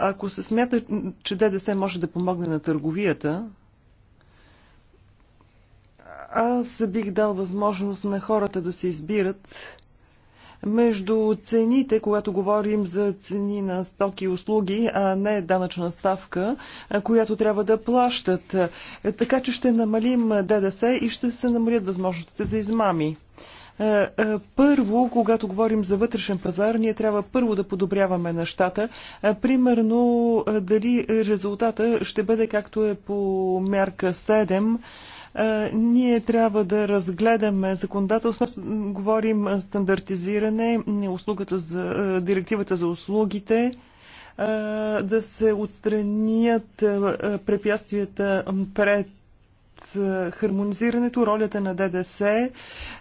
Ако се смята, че ДДС може да помогне на търговията, аз бих дал възможност на хората да се избират между цените, когато говорим за цени на стоки и услуги, а не данъчна ставка, която трябва да плащат. Така че ще намалим ДДС и ще се намалят възможностите за измами. Първо, когато говорим за вътрешен пазар, ние трябва първо да подобряваме нещата. Примерно, дали резултата ще бъде както е по мярка 7, е, ние трябва да разгледаме законодателство. Говорим стандартизиране, услугата за, е, директивата за услугите е, да се отстранят препятствията пред е, хармонизирането, ролята на ДДС,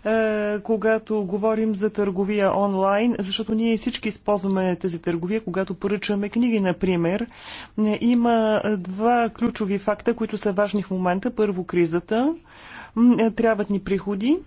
е, когато говорим за търговия онлайн, защото ние всички използваме тази търговия, когато поръчваме книги, например. Е, има два ключови факта, които са важни в момента. Първо, кризата. Трябват ни приходи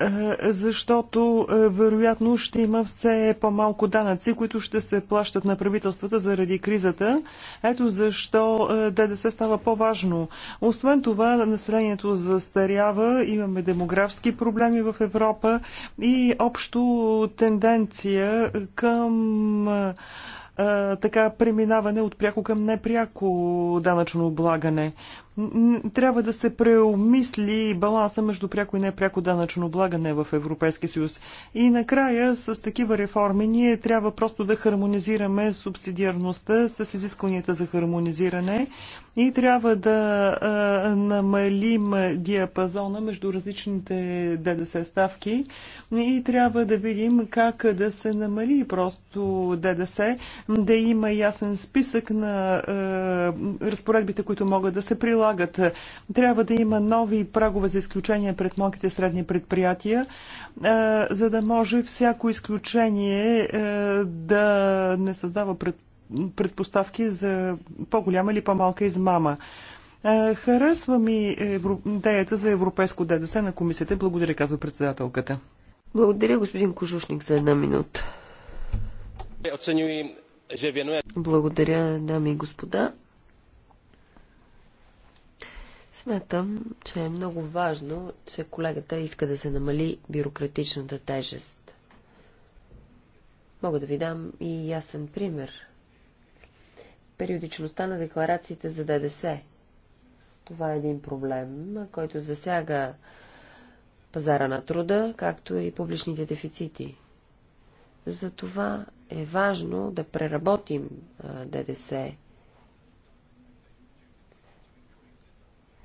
Е, защото е, вероятно ще има все по-малко данъци, които ще се плащат на правителствата заради кризата. Ето защо е, ДДС става по-важно. Освен това, населението застарява, имаме демографски проблеми в Европа и общо тенденция към така преминаване от пряко към непряко данъчно облагане. Трябва да се преомисли баланса между пряко и непряко данъчно облагане в Европейския съюз. И накрая с такива реформи ние трябва просто да хармонизираме субсидиарността с изискванията за хармонизиране и трябва да а, намалим диапазона между различните ДДС ставки и трябва да видим как да се намали просто ДДС, да има ясен списък на а, разпоредбите, които могат да се прилагат предлагат. Трябва да има нови прагове за изключение пред малките средни предприятия, за да може всяко изключение да не създава предпоставки за по-голяма или по-малка измама. Харесва ми идеята за европейско ДДС на комисията. Благодаря, казва председателката. Благодаря, господин Кожушник, за една минута.
Благодаря, дами и господа. Смятам, че е много важно, че колегата иска да се намали бюрократичната тежест. Мога да ви дам и ясен пример. Периодичността на декларациите за ДДС. Това е един проблем, който засяга пазара на труда, както и публичните дефицити. Затова е важно да преработим ДДС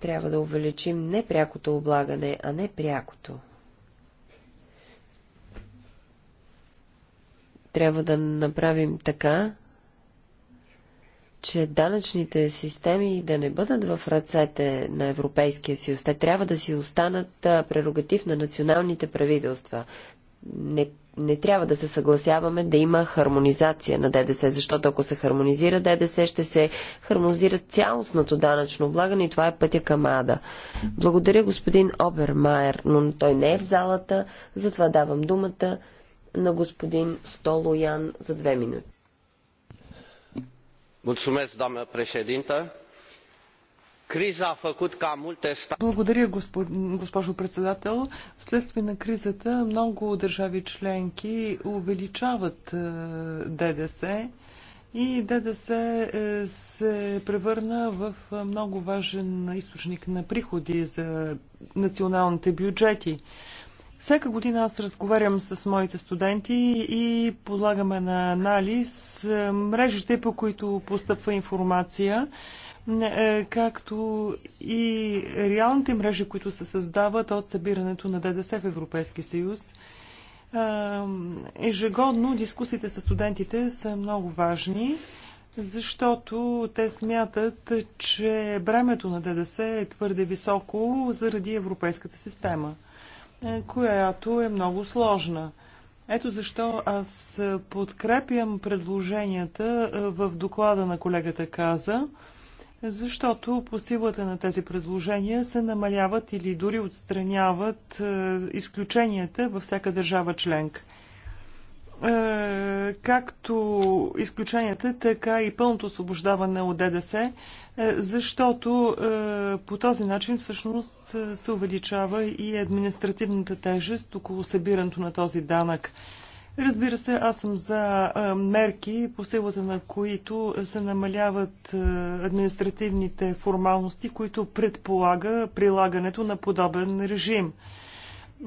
Трябва да увеличим не прякото облагане, а не прякото. Трябва да направим така, че данъчните системи да не бъдат в ръцете на Европейския съюз. Те трябва да си останат прерогатив на националните правителства. Не не трябва да се съгласяваме да има хармонизация на ДДС, защото ако се хармонизира ДДС, ще се хармонизира цялостното данъчно облагане и това е пътя към ада. Благодаря господин Обермайер, но той не е в залата, затова давам думата на господин Столоян за две минути.
Mulțumesc, doamnă președintă. Криза a făcut ca multe state... Благодаря, госпожо председател. Вследствие на кризата много държави членки увеличават е, ДДС и ДДС е, се превърна в много важен източник на приходи за националните бюджети. Всяка година аз разговарям с моите студенти и полагаме на анализ е, мрежите, по които постъпва информация. Е, както и реалните мрежи, които се създават от събирането на ДДС в Европейски съюз. Е, ежегодно дискусиите с студентите са много важни, защото те смятат, че бремето на ДДС е твърде високо заради европейската система, е, която е много сложна. Ето защо аз подкрепям предложенията в доклада на колегата Каза защото по силата на тези предложения се намаляват или дори отстраняват е, изключенията във всяка държава членка е, както изключенията, така и пълното освобождаване от ДДС, е, защото по този начин всъщност се увеличава и административната тежест около събирането на този данък. Разбира се, аз съм за мерки, по силата на които се намаляват административните формалности, които предполага прилагането на подобен режим.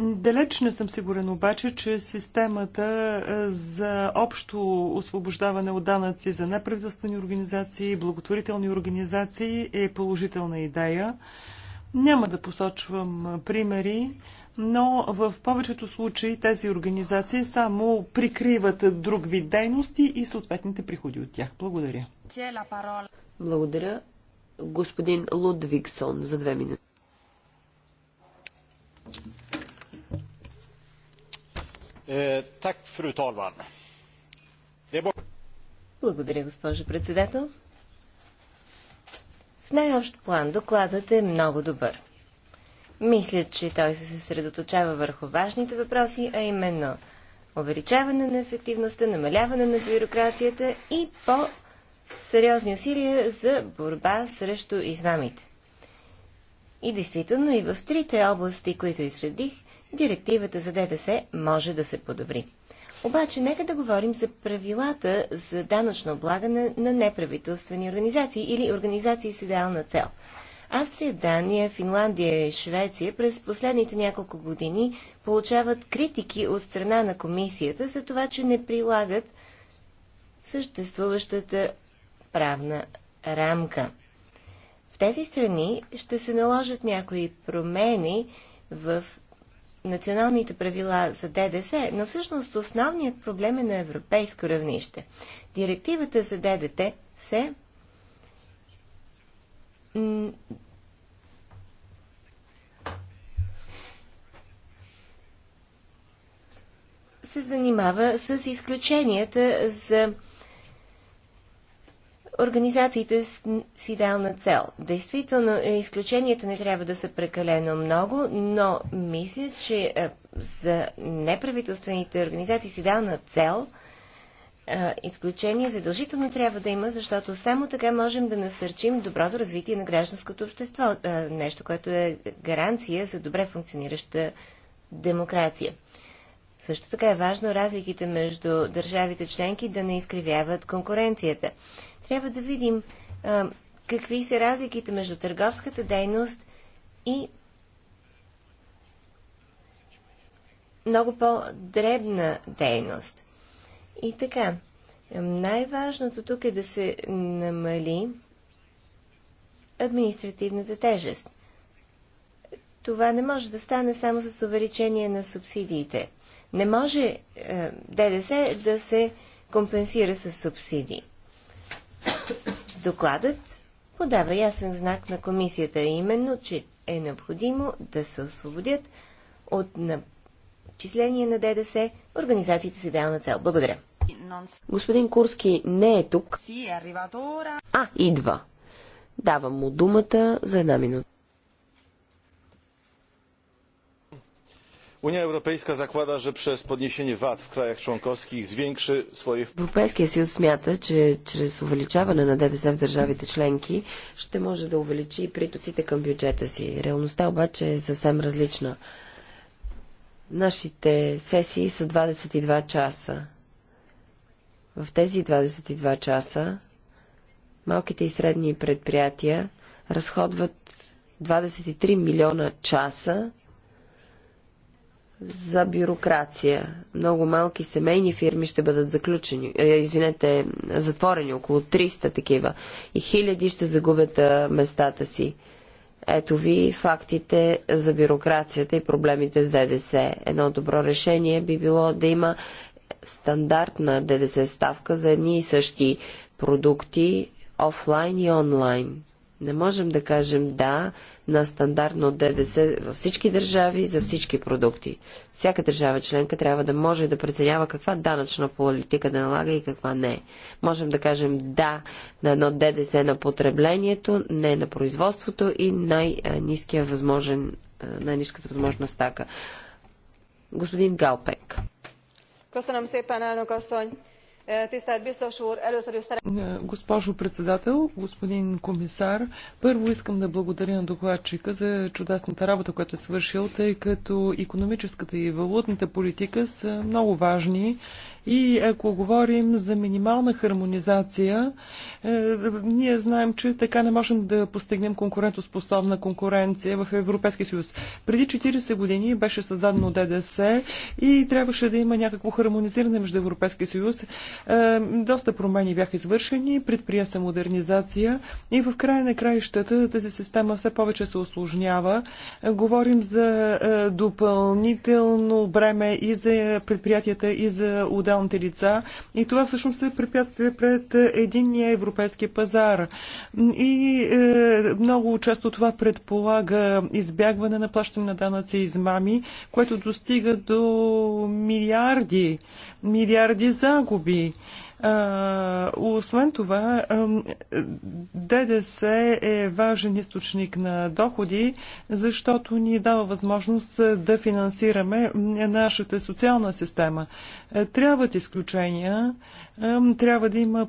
Далеч не съм сигурен обаче, че системата за общо освобождаване от данъци за неправителствени организации, благотворителни организации е положителна идея. Няма да посочвам примери но в повечето случаи тези организации само прикриват друг вид дейности и съответните приходи от тях. Благодаря. Благодаря. Господин Лудвигсон за две минути. Е, е,
Благодаря, госпожа председател. В най-общ план докладът е много добър. Мисля, че той се съсредоточава върху важните въпроси, а именно увеличаване на ефективността, намаляване на бюрокрацията и по-сериозни усилия за борба срещу измамите. И действително и в трите области, които изредих, директивата за ДДС може да се подобри. Обаче нека да говорим за правилата за данъчно облагане на неправителствени организации или организации с идеална цел – Австрия, Дания, Финландия и Швеция през последните няколко години получават критики от страна на комисията за това, че не прилагат съществуващата правна рамка. В тези страни ще се наложат някои промени в националните правила за ДДС, но всъщност основният проблем е на европейско равнище. Директивата за ДДТ се се занимава с изключенията за организациите с идеална цел. Действително, е, изключенията не трябва да са прекалено много, но мисля, че е, за неправителствените организации с идеална цел – е, изключение задължително трябва да има, защото само така можем да насърчим доброто развитие на гражданското общество. Е, нещо, което е гаранция за добре функционираща демокрация. Също така е важно разликите между държавите членки да не изкривяват конкуренцията. Трябва да видим а, е, какви са разликите между търговската дейност и много по-дребна дейност. И така, най-важното тук е да се намали административната тежест. Това не може да стане само с увеличение на субсидиите. Не може е, ДДС да се компенсира с субсидии. Докладът подава ясен знак на комисията, именно, че е необходимо да се освободят от начисление на ДДС организациите с идеална цел. Благодаря. Господин Курски не е тук.
А,
идва. Давам му думата за една минута.
Unia Europejska zakłada, że przez podniesienie VAT w krajach członkowskich zwiększy swoje...
Европейския съюз смята, че чрез увеличаване на ДДС в държавите членки ще може да увеличи притоците към бюджета си. Реалността обаче е съвсем различна. Нашите сесии са 22 часа. В тези 22 часа малките и средни предприятия разходват 23 милиона часа за бюрокрация. Много малки семейни фирми ще бъдат заключени, е, извинете, затворени, около 300 такива. И хиляди ще загубят местата си. Ето ви фактите за бюрокрацията и проблемите с ДДС. Едно добро решение би било да има стандартна ДДС ставка за едни и същи продукти офлайн и онлайн. Не можем да кажем да на стандартно ДДС във всички държави за всички продукти. Всяка държава членка трябва да може да преценява каква данъчна политика да налага и каква не. Можем да кажем да на едно ДДС на потреблението, не на производството и най-низкия възможен, най-низката възможна стака. Господин Галпек.
Eh,
eh, госпожо председател, господин комисар, първо искам да благодаря на докладчика за чудесната работа, която е свършил, тъй като икономическата и валутната политика са много важни и ако говорим за минимална хармонизация, е, ние знаем, че така не можем да постигнем конкурентоспособна конкуренция в Европейския съюз. Преди 40 години беше създадено ДДС и трябваше да има някакво хармонизиране между Европейския съюз. Е, доста промени бяха извършени, предприя се модернизация и в края на краищата тази система все повече се осложнява. Е, говорим за допълнително бреме и за предприятията, и за отделните отделните лица и това всъщност е препятствие пред единния европейски пазар. И е, много често това предполага избягване на плащане на данъци и измами, което достига до милиарди, милиарди загуби. Освен това, ДДС е важен източник на доходи, защото ни дава възможност да финансираме нашата социална система. Е, трябват изключения, трябва да има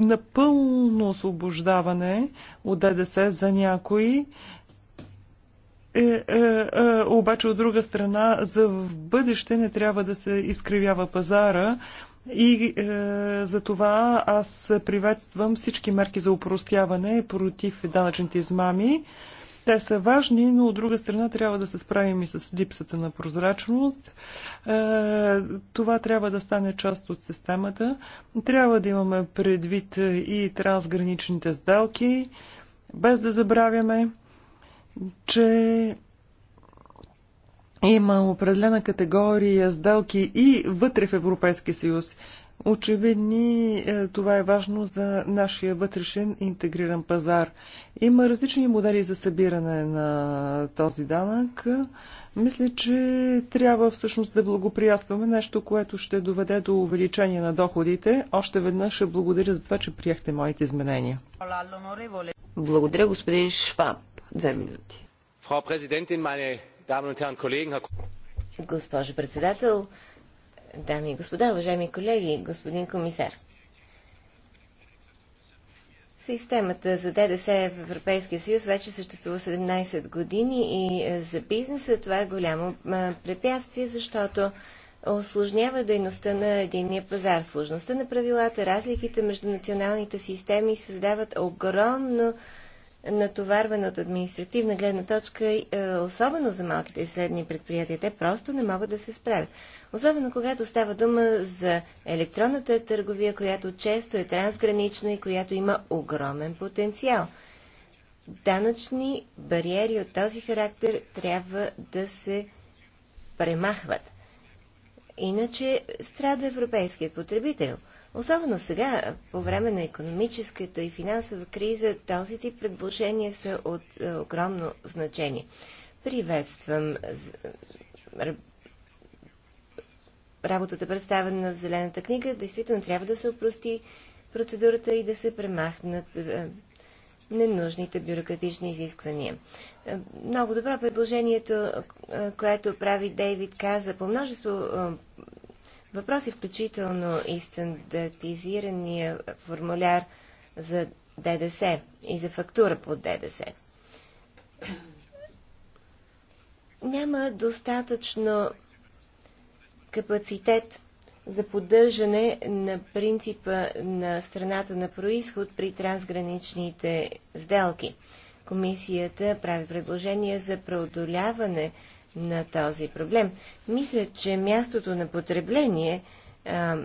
напълно освобождаване от ДДС за някои, е, е, е, обаче от друга страна за в бъдеще не трябва да се изкривява пазара, и е, за това аз приветствам всички мерки за упростяване против данъчните измами. Те са важни, но от друга страна трябва да се справим и с липсата на прозрачност. Е, това трябва да стане част от системата. Трябва да имаме предвид и трансграничните сделки, без да забравяме, че има определена категория сделки и вътре в Европейския съюз. Очевидни, е, това е важно за нашия вътрешен интегриран пазар. Има различни модели за събиране на този данък. Мисля, че трябва всъщност да благоприятстваме нещо, което ще доведе до увеличение на доходите. Още веднъж благодаря за това, че приехте моите изменения. Благодаря, господин Шваб. Две минути.
Фрау президентин, Госпожо председател,
дами и господа, уважаеми колеги, господин комисар. Системата за ДДС в Европейския съюз вече съществува 17 години и е, за бизнеса това е голямо е, препятствие, защото осложнява дейността на единния пазар. Сложността на правилата, разликите между националните системи създават огромно натоварвана от административна гледна точка, е, особено за малките и средни предприятия. Те просто не могат да се справят. Особено когато става дума за електронната търговия, която често е трансгранична и която има огромен потенциал. Данъчни бариери от този характер трябва да се премахват. Иначе страда европейският потребител – Особено сега, по време на економическата и финансова криза, този тип предложения са от е, огромно значение. Приветствам работата представена в Зелената книга. Действително трябва да се опрости процедурата и да се премахнат е, ненужните бюрократични изисквания. Е, много добро предложението, е, което прави Дейвид Каза по множество е, въпроси, включително и стандартизирания формуляр за ДДС и за фактура по ДДС. Няма достатъчно капацитет за поддържане на принципа на страната на происход при трансграничните сделки. Комисията прави предложение за преодоляване на този проблем. Мисля, че мястото на потребление а,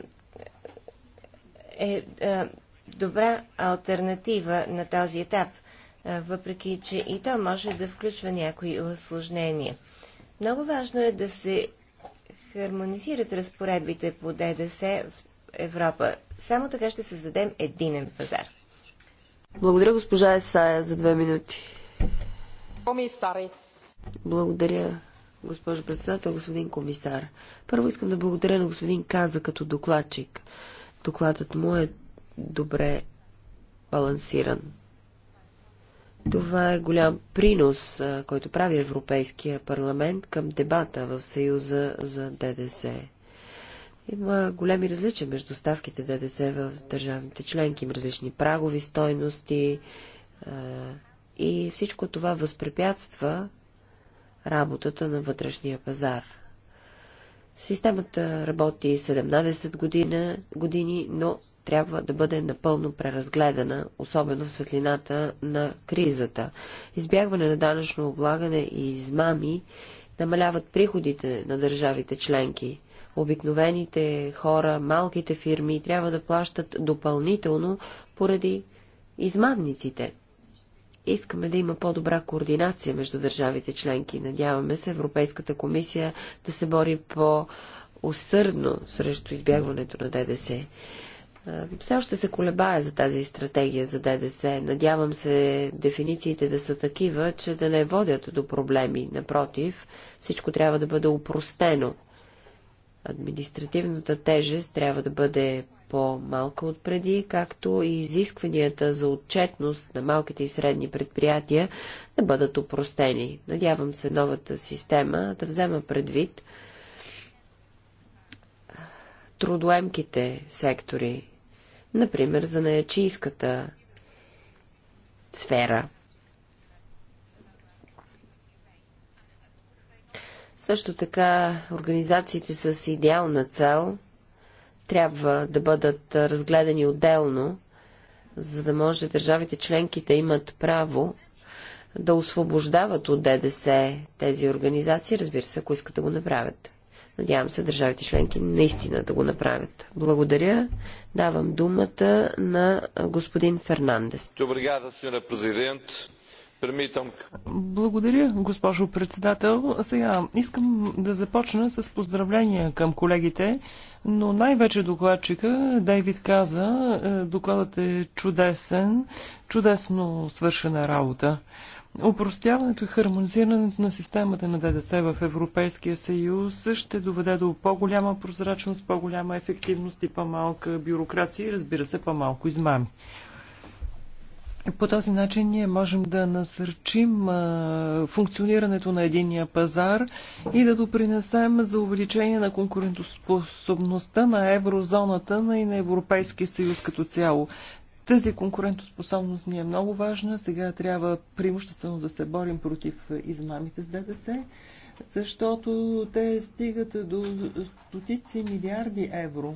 е а, добра альтернатива на този етап, а, въпреки че и то може да включва някои осложнения. Много важно е да се хармонизират разпоредбите по ДДС в Европа. Само така ще създадем единен пазар.
Благодаря, госпожа Есая, за две минути.
Комисари.
Благодаря, госпожо председател, господин комисар. Първо искам да благодаря на господин Каза като докладчик. Докладът му е добре балансиран. Това е голям принос, който прави Европейския парламент към дебата в Съюза за ДДС. Има големи различия между ставките ДДС в държавните членки, има различни прагови стойности и всичко това възпрепятства работата на вътрешния пазар. Системата работи 17 година, години, но трябва да бъде напълно преразгледана, особено в светлината на кризата. Избягване на данъчно облагане и измами намаляват приходите на държавите членки. Обикновените хора, малките фирми трябва да плащат допълнително поради измамниците – Искаме да има по-добра координация между държавите членки. Надяваме се Европейската комисия да се бори по-усърдно срещу избягването на ДДС. Все още се колебая за тази стратегия за ДДС. Надявам се дефинициите да са такива, че да не водят до проблеми. Напротив, всичко трябва да бъде упростено. Административната тежест трябва да бъде по-малка от преди, както и изискванията за отчетност на малките и средни предприятия да бъдат упростени. Надявам се новата система да взема предвид трудоемките сектори, например за наячийската сфера. Също така, организациите с идеална цел трябва да бъдат разгледани отделно, за да може държавите членки да имат право да освобождават от ДДС тези организации, разбира се, ако искат да го направят. Надявам се държавите членки наистина да го направят. Благодаря. Давам думата на господин
Фернандес.
Добре, господин президент.
Благодаря, госпожо председател. Сега искам да започна с поздравления към колегите, но най-вече докладчика Дейвид каза, е, докладът е чудесен, чудесно свършена работа. Опростяването и хармонизирането на системата на ДДС в Европейския съюз ще доведе до по-голяма прозрачност, по-голяма ефективност и по-малка бюрокрация и разбира се по-малко измами. По този начин ние можем да насърчим функционирането на единия пазар и да допринесем за увеличение на конкурентоспособността на еврозоната и на Европейския съюз като цяло. Тази конкурентоспособност ни е много важна. Сега трябва преимуществено да се борим против измамите с ДДС, защото те стигат до стотици милиарди евро.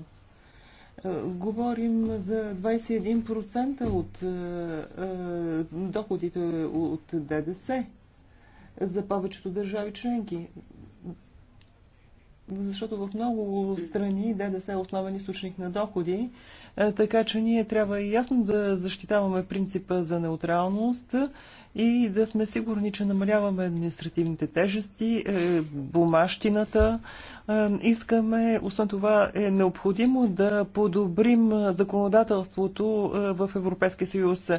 Е, говорим за 21% от е, е, доходите от ДДС за повечето държави членки. Защото в много страни ДДС е основен източник на доходи, така че ние трябва и ясно да защитаваме принципа за неутралност и да сме сигурни, че намаляваме административните тежести, е, бумащината. Е, искаме, освен това, е необходимо да подобрим законодателството е, в Европейския съюз.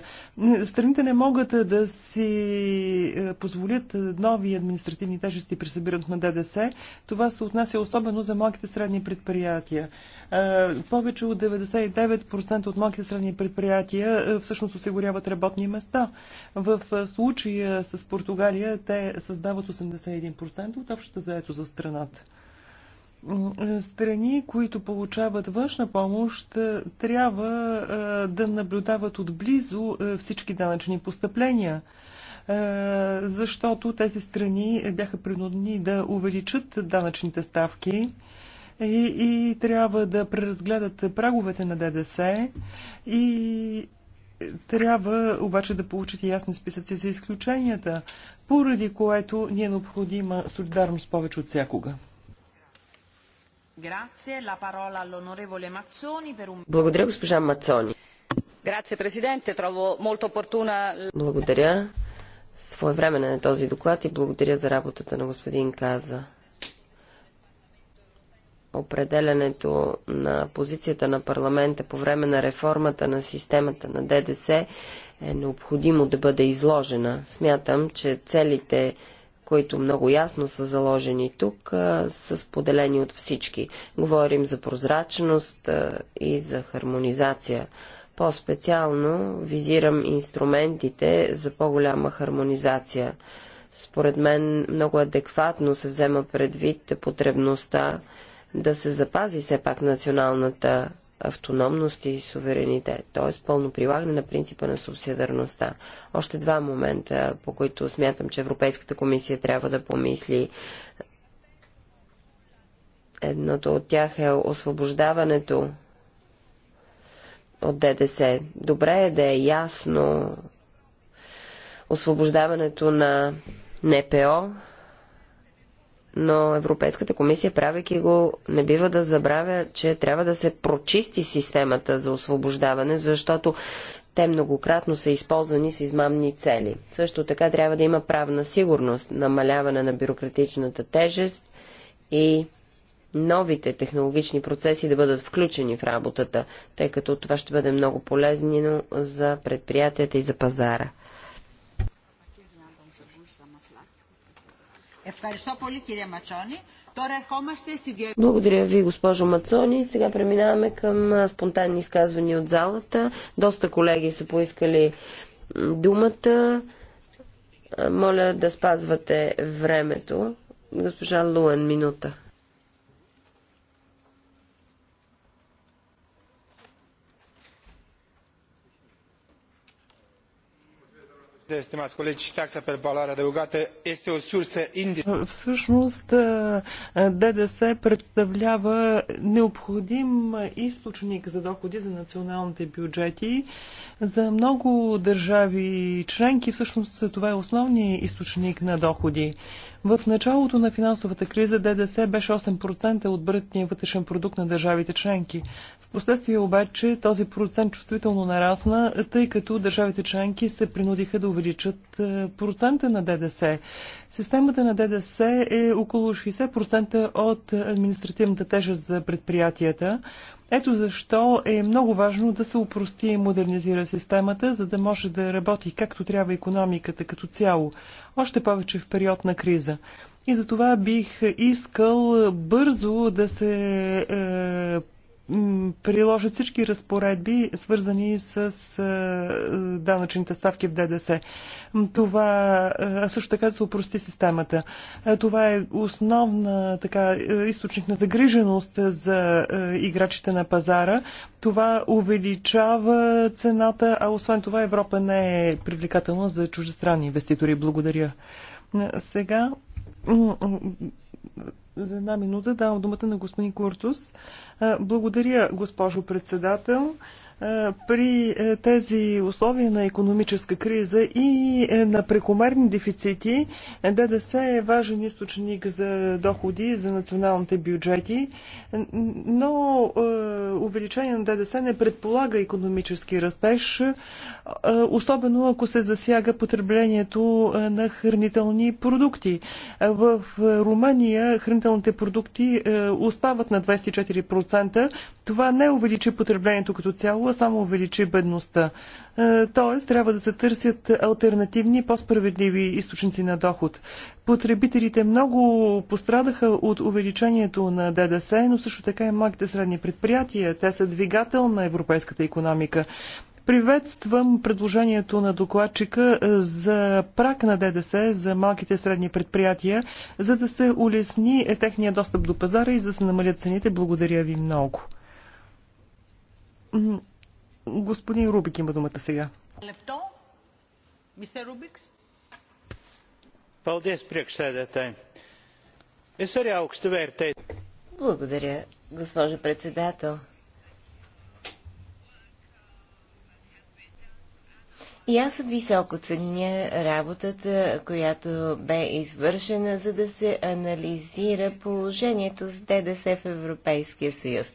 Страните не могат да си позволят нови административни тежести при събирането на ДДС. Това се отнася особено за малките средни предприятия. Е, повече от 99% от малки средни предприятия е, всъщност осигуряват работни места. В е, случая с Португалия те създават 81% от общата заето за страната страни, които получават външна помощ, трябва да наблюдават отблизо всички данъчни постъпления, защото тези страни бяха принудни да увеличат данъчните ставки и, и трябва да преразгледат праговете на ДДС и трябва обаче да получат и ясни списъци за изключенията, поради което ни е необходима солидарност повече от всякога.
Благодаря, госпожа Мацони. Благодаря. Своевременен е този доклад и благодаря за работата на господин Каза определенето на позицията на парламента по време на реформата на системата на ДДС е необходимо да бъде изложена. Смятам, че целите, които много ясно са заложени тук, са споделени от всички. Говорим за прозрачност и за хармонизация. По-специално визирам инструментите за по-голяма хармонизация. Според мен много адекватно се взема предвид потребността да се запази все пак националната автономност и суверенитет, т.е. пълно прилагане на принципа на субсидарността. Още два момента, по които смятам, че Европейската комисия трябва да помисли. Едното от тях е освобождаването от ДДС. Добре е да е ясно освобождаването на НПО, но Европейската комисия, правейки го, не бива да забравя, че трябва да се прочисти системата за освобождаване, защото те многократно са използвани с измамни цели. Също така трябва да има правна сигурност, намаляване на бюрократичната тежест и новите технологични процеси да бъдат включени в работата, тъй като това ще бъде много полезно за предприятията и за пазара. Ευχαριστώ πολύ Ματσόνη. Τώρα ερχόμαστε στη Благодаря ви, госпожо Мацони. Сега преминаваме към спонтанни изказвания от залата. Доста колеги са поискали думата. Моля да спазвате времето. Госпожа Луен, минута.
stimați colegi, taxa pe valoare adăugată este Всъщност ДДС представлява необходим източник за доходи за националните бюджети. За много държави членки всъщност това е основният източник на доходи. В началото на финансовата криза ДДС беше 8% от брътния вътрешен продукт на държавите членки. Впоследствие обаче този процент чувствително нарасна, тъй като държавите членки се принудиха да увеличат е, процента на ДДС. Системата на ДДС е около 60% от административната тежест за предприятията. Ето защо е много важно да се упрости и модернизира системата, за да може да работи както трябва економиката като цяло, още повече в период на криза. И за това бих искал бързо да се е, приложат всички разпоредби, свързани с е, данъчните ставки в ДДС. Това е, също така да се упрости системата. Е, това е основна така, източник на загриженост за играчите на пазара. Това увеличава цената, а освен това Европа не е привлекателна за чуждестранни инвеститори. Благодаря. Сега за една минута давам думата на господин Куртус. Благодаря, госпожо председател при е, тези условия на економическа криза и е, на прекомерни дефицити е, ДДС е важен източник за доходи за националните бюджети, но увеличение на ДДС не предполага економически растеж, особено ако се засяга потреблението на хранителни продукти. В Румъния хранителните продукти остават на 24%, това не увеличи потреблението като цяло, а само увеличи бедността. Е, тоест, трябва да се търсят альтернативни, по-справедливи източници на доход. Потребителите много пострадаха от увеличението на ДДС, но също така и малките средни предприятия. Те са двигател на европейската економика. Приветствам предложението на докладчика е, за прак на ДДС за малките и средни предприятия, за да се улесни техния достъп до пазара и за да се намалят цените. Благодаря ви много. Господин Рубик има думата сега. Лепто? Мистер Рубикс? Paldies,
priekšsēdētāji.
Es arī augstu
Благодаря, госпожо председател. И аз високо ценя работата, която бе извършена, за да се анализира положението с ДДС в Европейския съюз.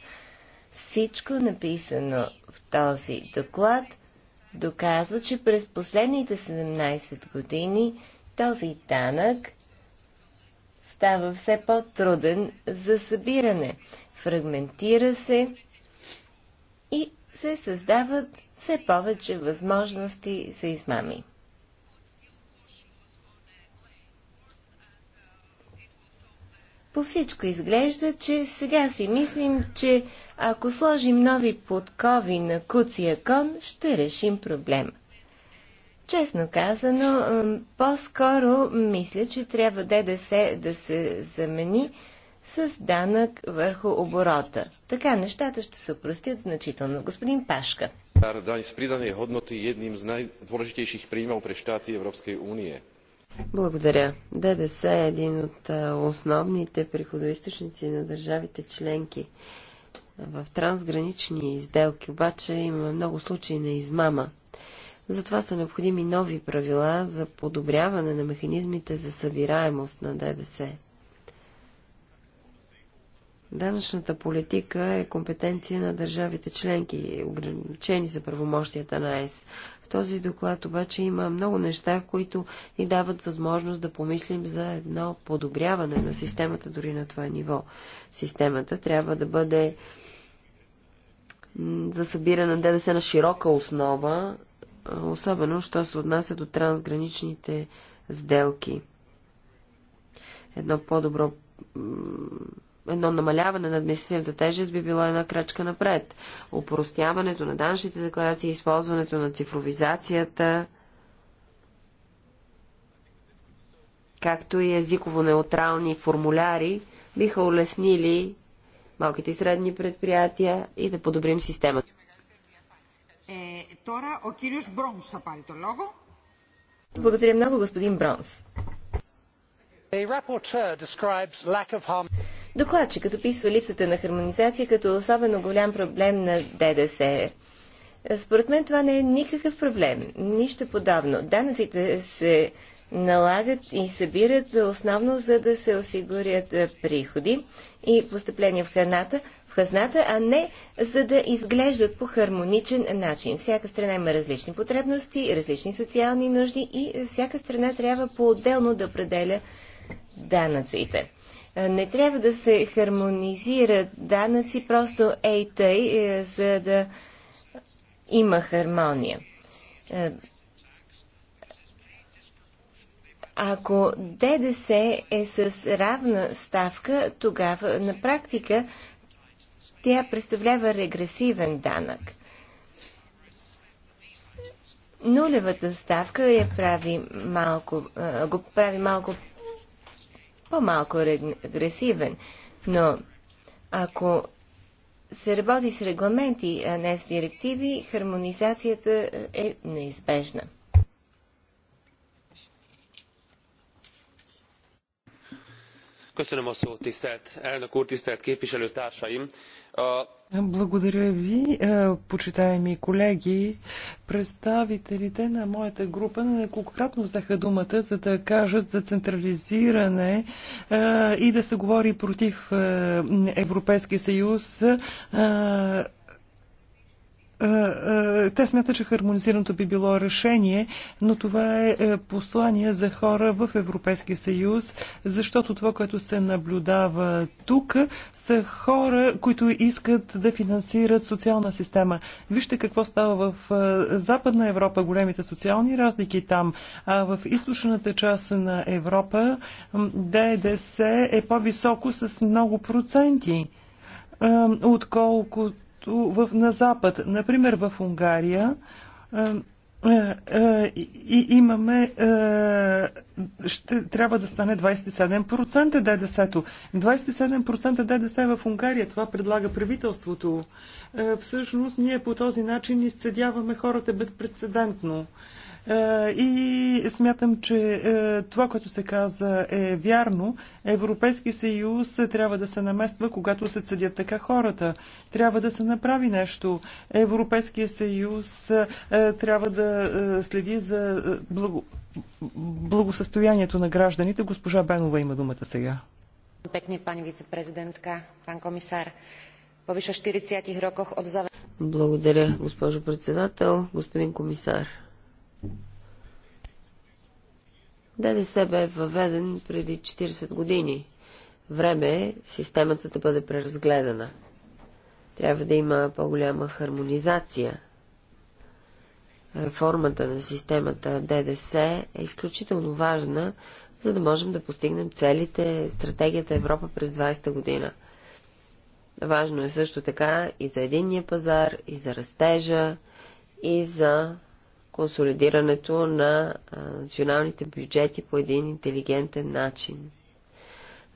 Всичко написано в този доклад доказва, че през последните 17 години този танък става все по-труден за събиране. Фрагментира се и се създават все повече възможности за измами. По всичко изглежда, че сега си мислим, че ако сложим нови подкови на куция кон, ще решим проблема. Честно казано, по-скоро мисля, че трябва ДДС да се замени с данък върху оборота. Така нещата ще се простят значително. Господин Пашка. Daň z pridanej hodnoty jedným z najdôležitejších príjmov pre štáty Európskej únie.
Благодаря. ДДС е един от основните приходоисточници на държавите членки. В трансгранични изделки обаче има много случаи на измама. Затова са необходими нови правила за подобряване на механизмите за събираемост на ДДС. Данъчната политика е компетенция на държавите членки, ограничени за правомощията на ЕС този доклад обаче има много неща, които ни дават възможност да помислим за едно подобряване на системата дори на това ниво. Системата трябва да бъде за събиране на ДДС на широка основа, особено, що се отнася до трансграничните сделки. Едно по-добро едно намаляване на административната тежест би било една крачка напред. Опростяването на данъчните декларации, използването на цифровизацията, както и езиково-неутрални формуляри, биха улеснили малките и средни предприятия и да подобрим системата. Е, тора, о Бронс, лого. Благодаря много, господин Бронс.
Докладчикът описва липсата на хармонизация като особено голям проблем на ДДС. Според мен това не е никакъв проблем. Нищо подобно. Данъците се налагат и събират основно за да се осигурят приходи и постъпления в храната, в хазната, а не за да изглеждат по хармоничен начин. Всяка страна има различни потребности, различни социални нужди и всяка страна трябва по-отделно да определя данъците. Е, не трябва да се хармонизират данъци просто ей тъй, е, за да има хармония. Е, ако ДДС е с равна ставка, тогава на практика тя представлява регресивен данък. Нулевата ставка я прави малко, го прави малко по-малко регресивен. Но ако се работи с регламенти, а не с директиви, хармонизацията е неизбежна.
Благодаря ви, е, почитаеми колеги. Представителите на моята група неколкократно взеха думата, за да кажат за централизиране е, и да се говори против е, Европейския съюз е, е, те смятат, че хармонизираното би било решение, но това е, е послание за хора в Европейския съюз, защото това, което се наблюдава тук, са хора, които искат да финансират социална система. Вижте какво става в Западна Европа, големите социални разлики там, а в източната част на Европа ДДС е по-високо с много проценти отколкото в, на Запад. Например, в Унгария е, е, е, и имаме, ще, трябва да стане 27% ДДС-то. 27% ДДС в Унгария, това предлага правителството. Всъщност ние по този начин изцедяваме хората безпредседентно. Е, и смятам, че е, това, което се каза е вярно. Европейски съюз трябва да се намества, когато се съдят така хората. Трябва да се направи нещо. Европейския съюз е, трябва да следи за благо... благосъстоянието на гражданите. Госпожа Бенова има думата сега.
Пекни, пани вице-президентка, пан комисар. 40 Благодаря, госпожо председател, господин комисар. ДДС бе въведен преди 40 години. Време е системата да бъде преразгледана. Трябва да има по-голяма хармонизация. Реформата на системата ДДС е изключително важна, за да можем да постигнем целите стратегията Европа през 20-та година. Важно е също така и за единния пазар, и за растежа, и за консолидирането на националните бюджети по един интелигентен начин.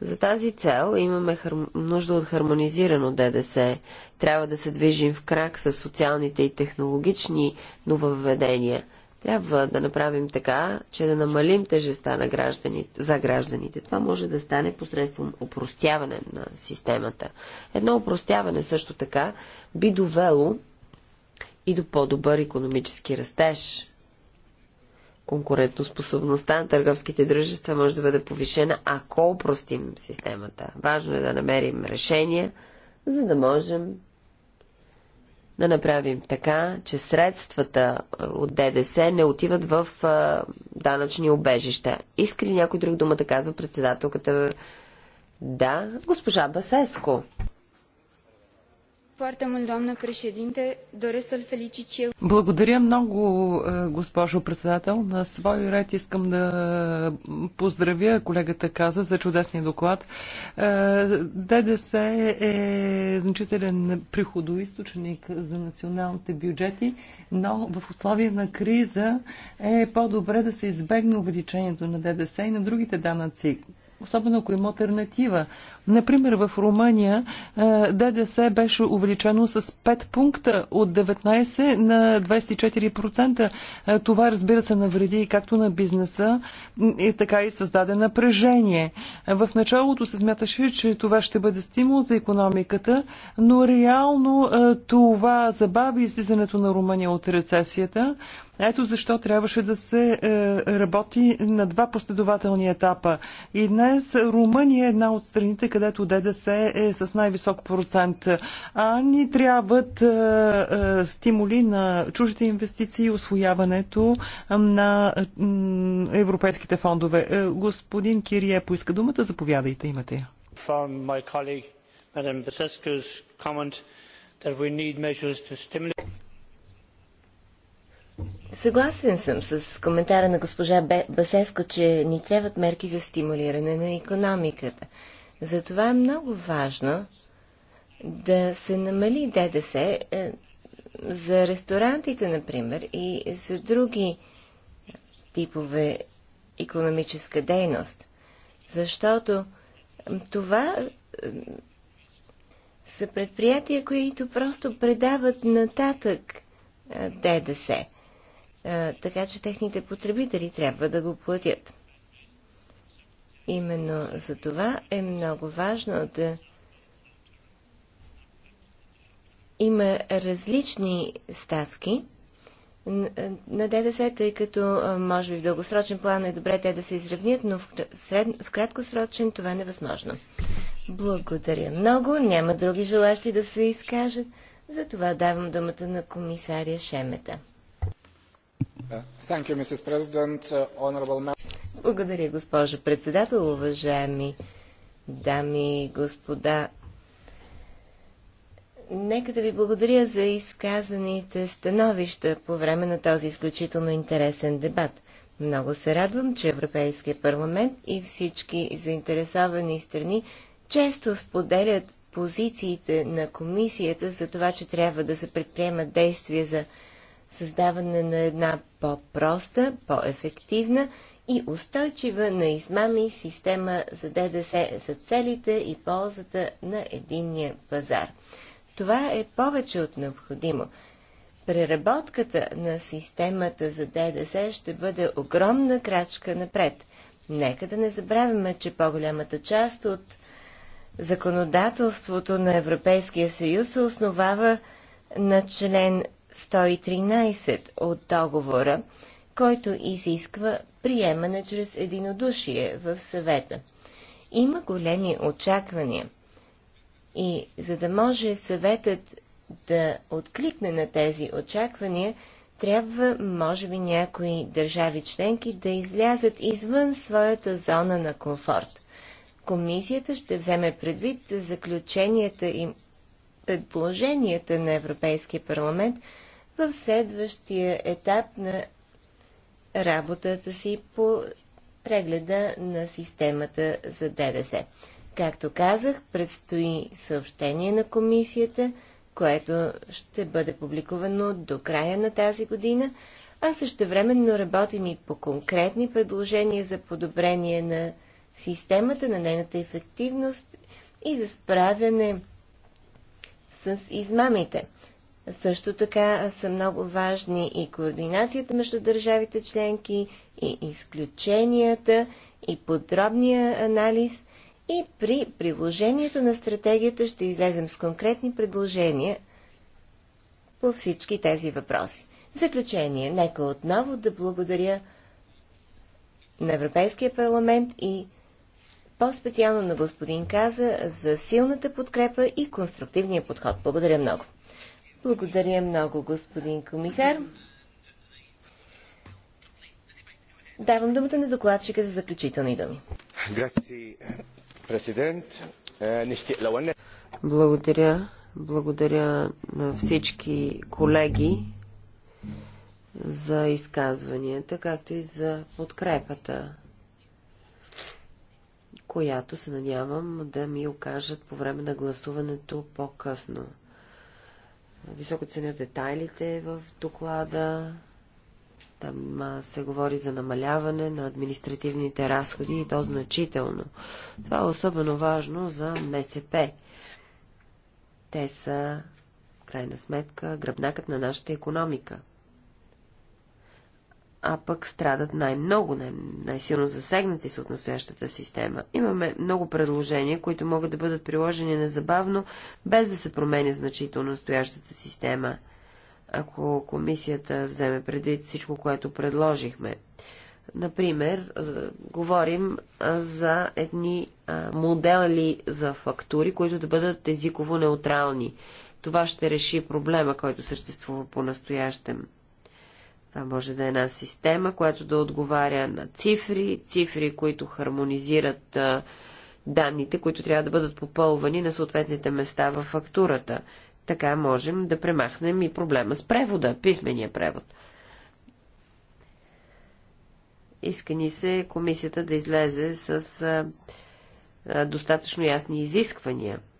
За тази цел имаме хар... нужда от хармонизирано ДДС. Трябва да се движим в крак с социалните и технологични нововведения. Трябва да направим така, че да намалим тежеста на гражданите, за гражданите. Това може да стане посредством упростяване на системата. Едно упростяване също така би довело и до по-добър економически растеж. Конкурентоспособността на търговските дружества може да бъде повишена, ако упростим системата. Важно е да намерим решения, за да можем да направим така, че средствата е, от ДДС не отиват в е, данъчни обежища. Иска ли някой друг думата, казва председателката? Да, госпожа Басеско.
Благодаря много, е, госпожо председател. На свой ред искам да поздравя колегата Каза за чудесния доклад. Е, ДДС е значителен приходоисточник за националните бюджети, но в условия на криза е по-добре да се избегне увеличението на ДДС и на другите данъци особено ако има альтернатива. Например, в Румъния ДДС беше увеличено с 5 пункта от 19 на 24%. Това, разбира се, навреди както на бизнеса, така и създаде напрежение. В началото се смяташе, че това ще бъде стимул за економиката, но реално това забави излизането на Румъния от рецесията. Ето защо трябваше да се е, работи на два последователни етапа. И днес Румъния е една от страните, където ДДС е с най-висок процент. А ни трябват е, е, стимули на чуждите инвестиции и освояването на европейските фондове. Е, господин Кирие поиска думата. Заповядайте, имате я. Съгласен
съм с коментара на госпожа Басеско, че ни трябват мерки за стимулиране на економиката. Затова е много важно да се намали ДДС е, за ресторантите, например, и за други типове економическа дейност. Защото това е, са предприятия, които просто предават нататък е, ДДС. Така че техните потребители трябва да го платят. Именно за това е много важно да има различни ставки на ДДС, тъй като може би в дългосрочен план е добре те да се изравнят, но в, сред... в краткосрочен това е невъзможно. Благодаря много. Няма други желащи да се изкажат. Затова давам думата на комисария Шемета. You, благодаря, госпожа председател, уважаеми дами и господа. Нека да ви благодаря за изказаните становища по време на този изключително интересен дебат. Много се радвам, че Европейския парламент и всички заинтересовани страни често споделят позициите на комисията за това, че трябва да се предприемат действия за създаване на една по-проста, по-ефективна и устойчива на измами система за ДДС за целите и ползата на единния пазар. Това е повече от необходимо. Преработката на системата за ДДС ще бъде огромна крачка напред. Нека да не забравяме, че по-голямата част от законодателството на Европейския съюз се основава на член 113 от договора, който изисква приемане чрез единодушие в съвета. Има големи очаквания. И за да може съветът да откликне на тези очаквания, трябва, може би, някои държави членки да излязат извън своята зона на комфорт. Комисията ще вземе предвид заключенията и предложенията на Европейския парламент – в следващия етап на работата си по прегледа на системата за ДДС. Както казах, предстои съобщение на комисията, което ще бъде публикувано до края на тази година, а същевременно работим и по конкретни предложения за подобрение на системата, на нейната ефективност и за справяне с измамите. Също така са много важни и координацията между държавите членки, и изключенията, и подробния анализ. И при приложението на стратегията ще излезем с конкретни предложения по всички тези въпроси. В заключение, нека отново да благодаря на Европейския парламент и по-специално на господин Каза за силната подкрепа и конструктивния подход. Благодаря много. Благодаря много, господин комисар. Давам думата на докладчика за заключителни думи. Е,
Благодаря. Благодаря на всички колеги за изказванията, както и за подкрепата, която се надявам да ми окажат по време на гласуването по-късно. Високо ценя детайлите в доклада. Там се говори за намаляване на административните разходи и то значително. Това е особено важно за МСП. Те са, в крайна сметка, гръбнакът на нашата економика – а пък страдат най-много, най-силно най засегнати са от настоящата система. Имаме много предложения, които могат да бъдат приложени незабавно, без да се променя значително настоящата система, ако комисията вземе предвид всичко, което предложихме. Например, говорим за едни модели за фактури, които да бъдат езиково неутрални. Това ще реши проблема, който съществува по-настоящем. Това може да е една система, която да отговаря на цифри, цифри, които хармонизират данните, които трябва да бъдат попълвани на съответните места в фактурата. Така можем да премахнем и проблема с превода, писмения превод. Иска ни се комисията да излезе с достатъчно ясни изисквания –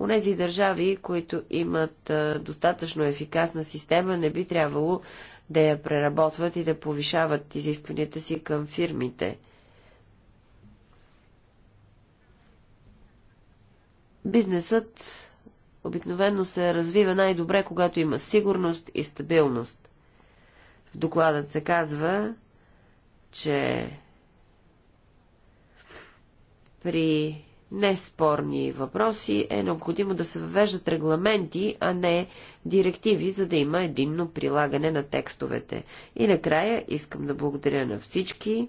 Онези държави, които имат достатъчно ефикасна система, не би трябвало да я преработват и да повишават изискванията си към фирмите. Бизнесът обикновено се развива най-добре, когато има сигурност и стабилност. В докладът се казва, че при неспорни въпроси, е необходимо да се въвеждат регламенти, а не директиви, за да има единно прилагане на текстовете. И накрая искам да благодаря на всички,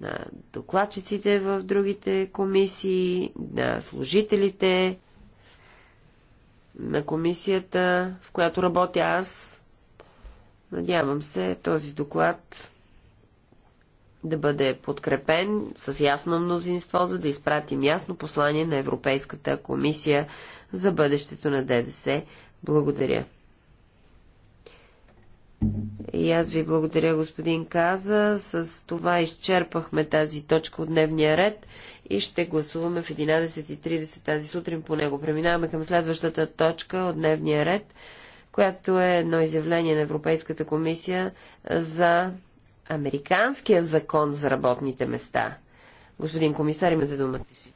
на докладчиците в другите комисии, на служителите, на комисията, в която работя аз. Надявам се този доклад да бъде подкрепен с ясно мнозинство, за да изпратим ясно послание на Европейската комисия за бъдещето на ДДС. Благодаря. И аз ви благодаря, господин Каза. С това изчерпахме тази точка от дневния ред и ще гласуваме в 11.30 тази сутрин по него. Преминаваме към следващата точка от дневния ред, която е едно изявление на Европейската комисия за американския закон за работните места. Господин комисар, имате думата си.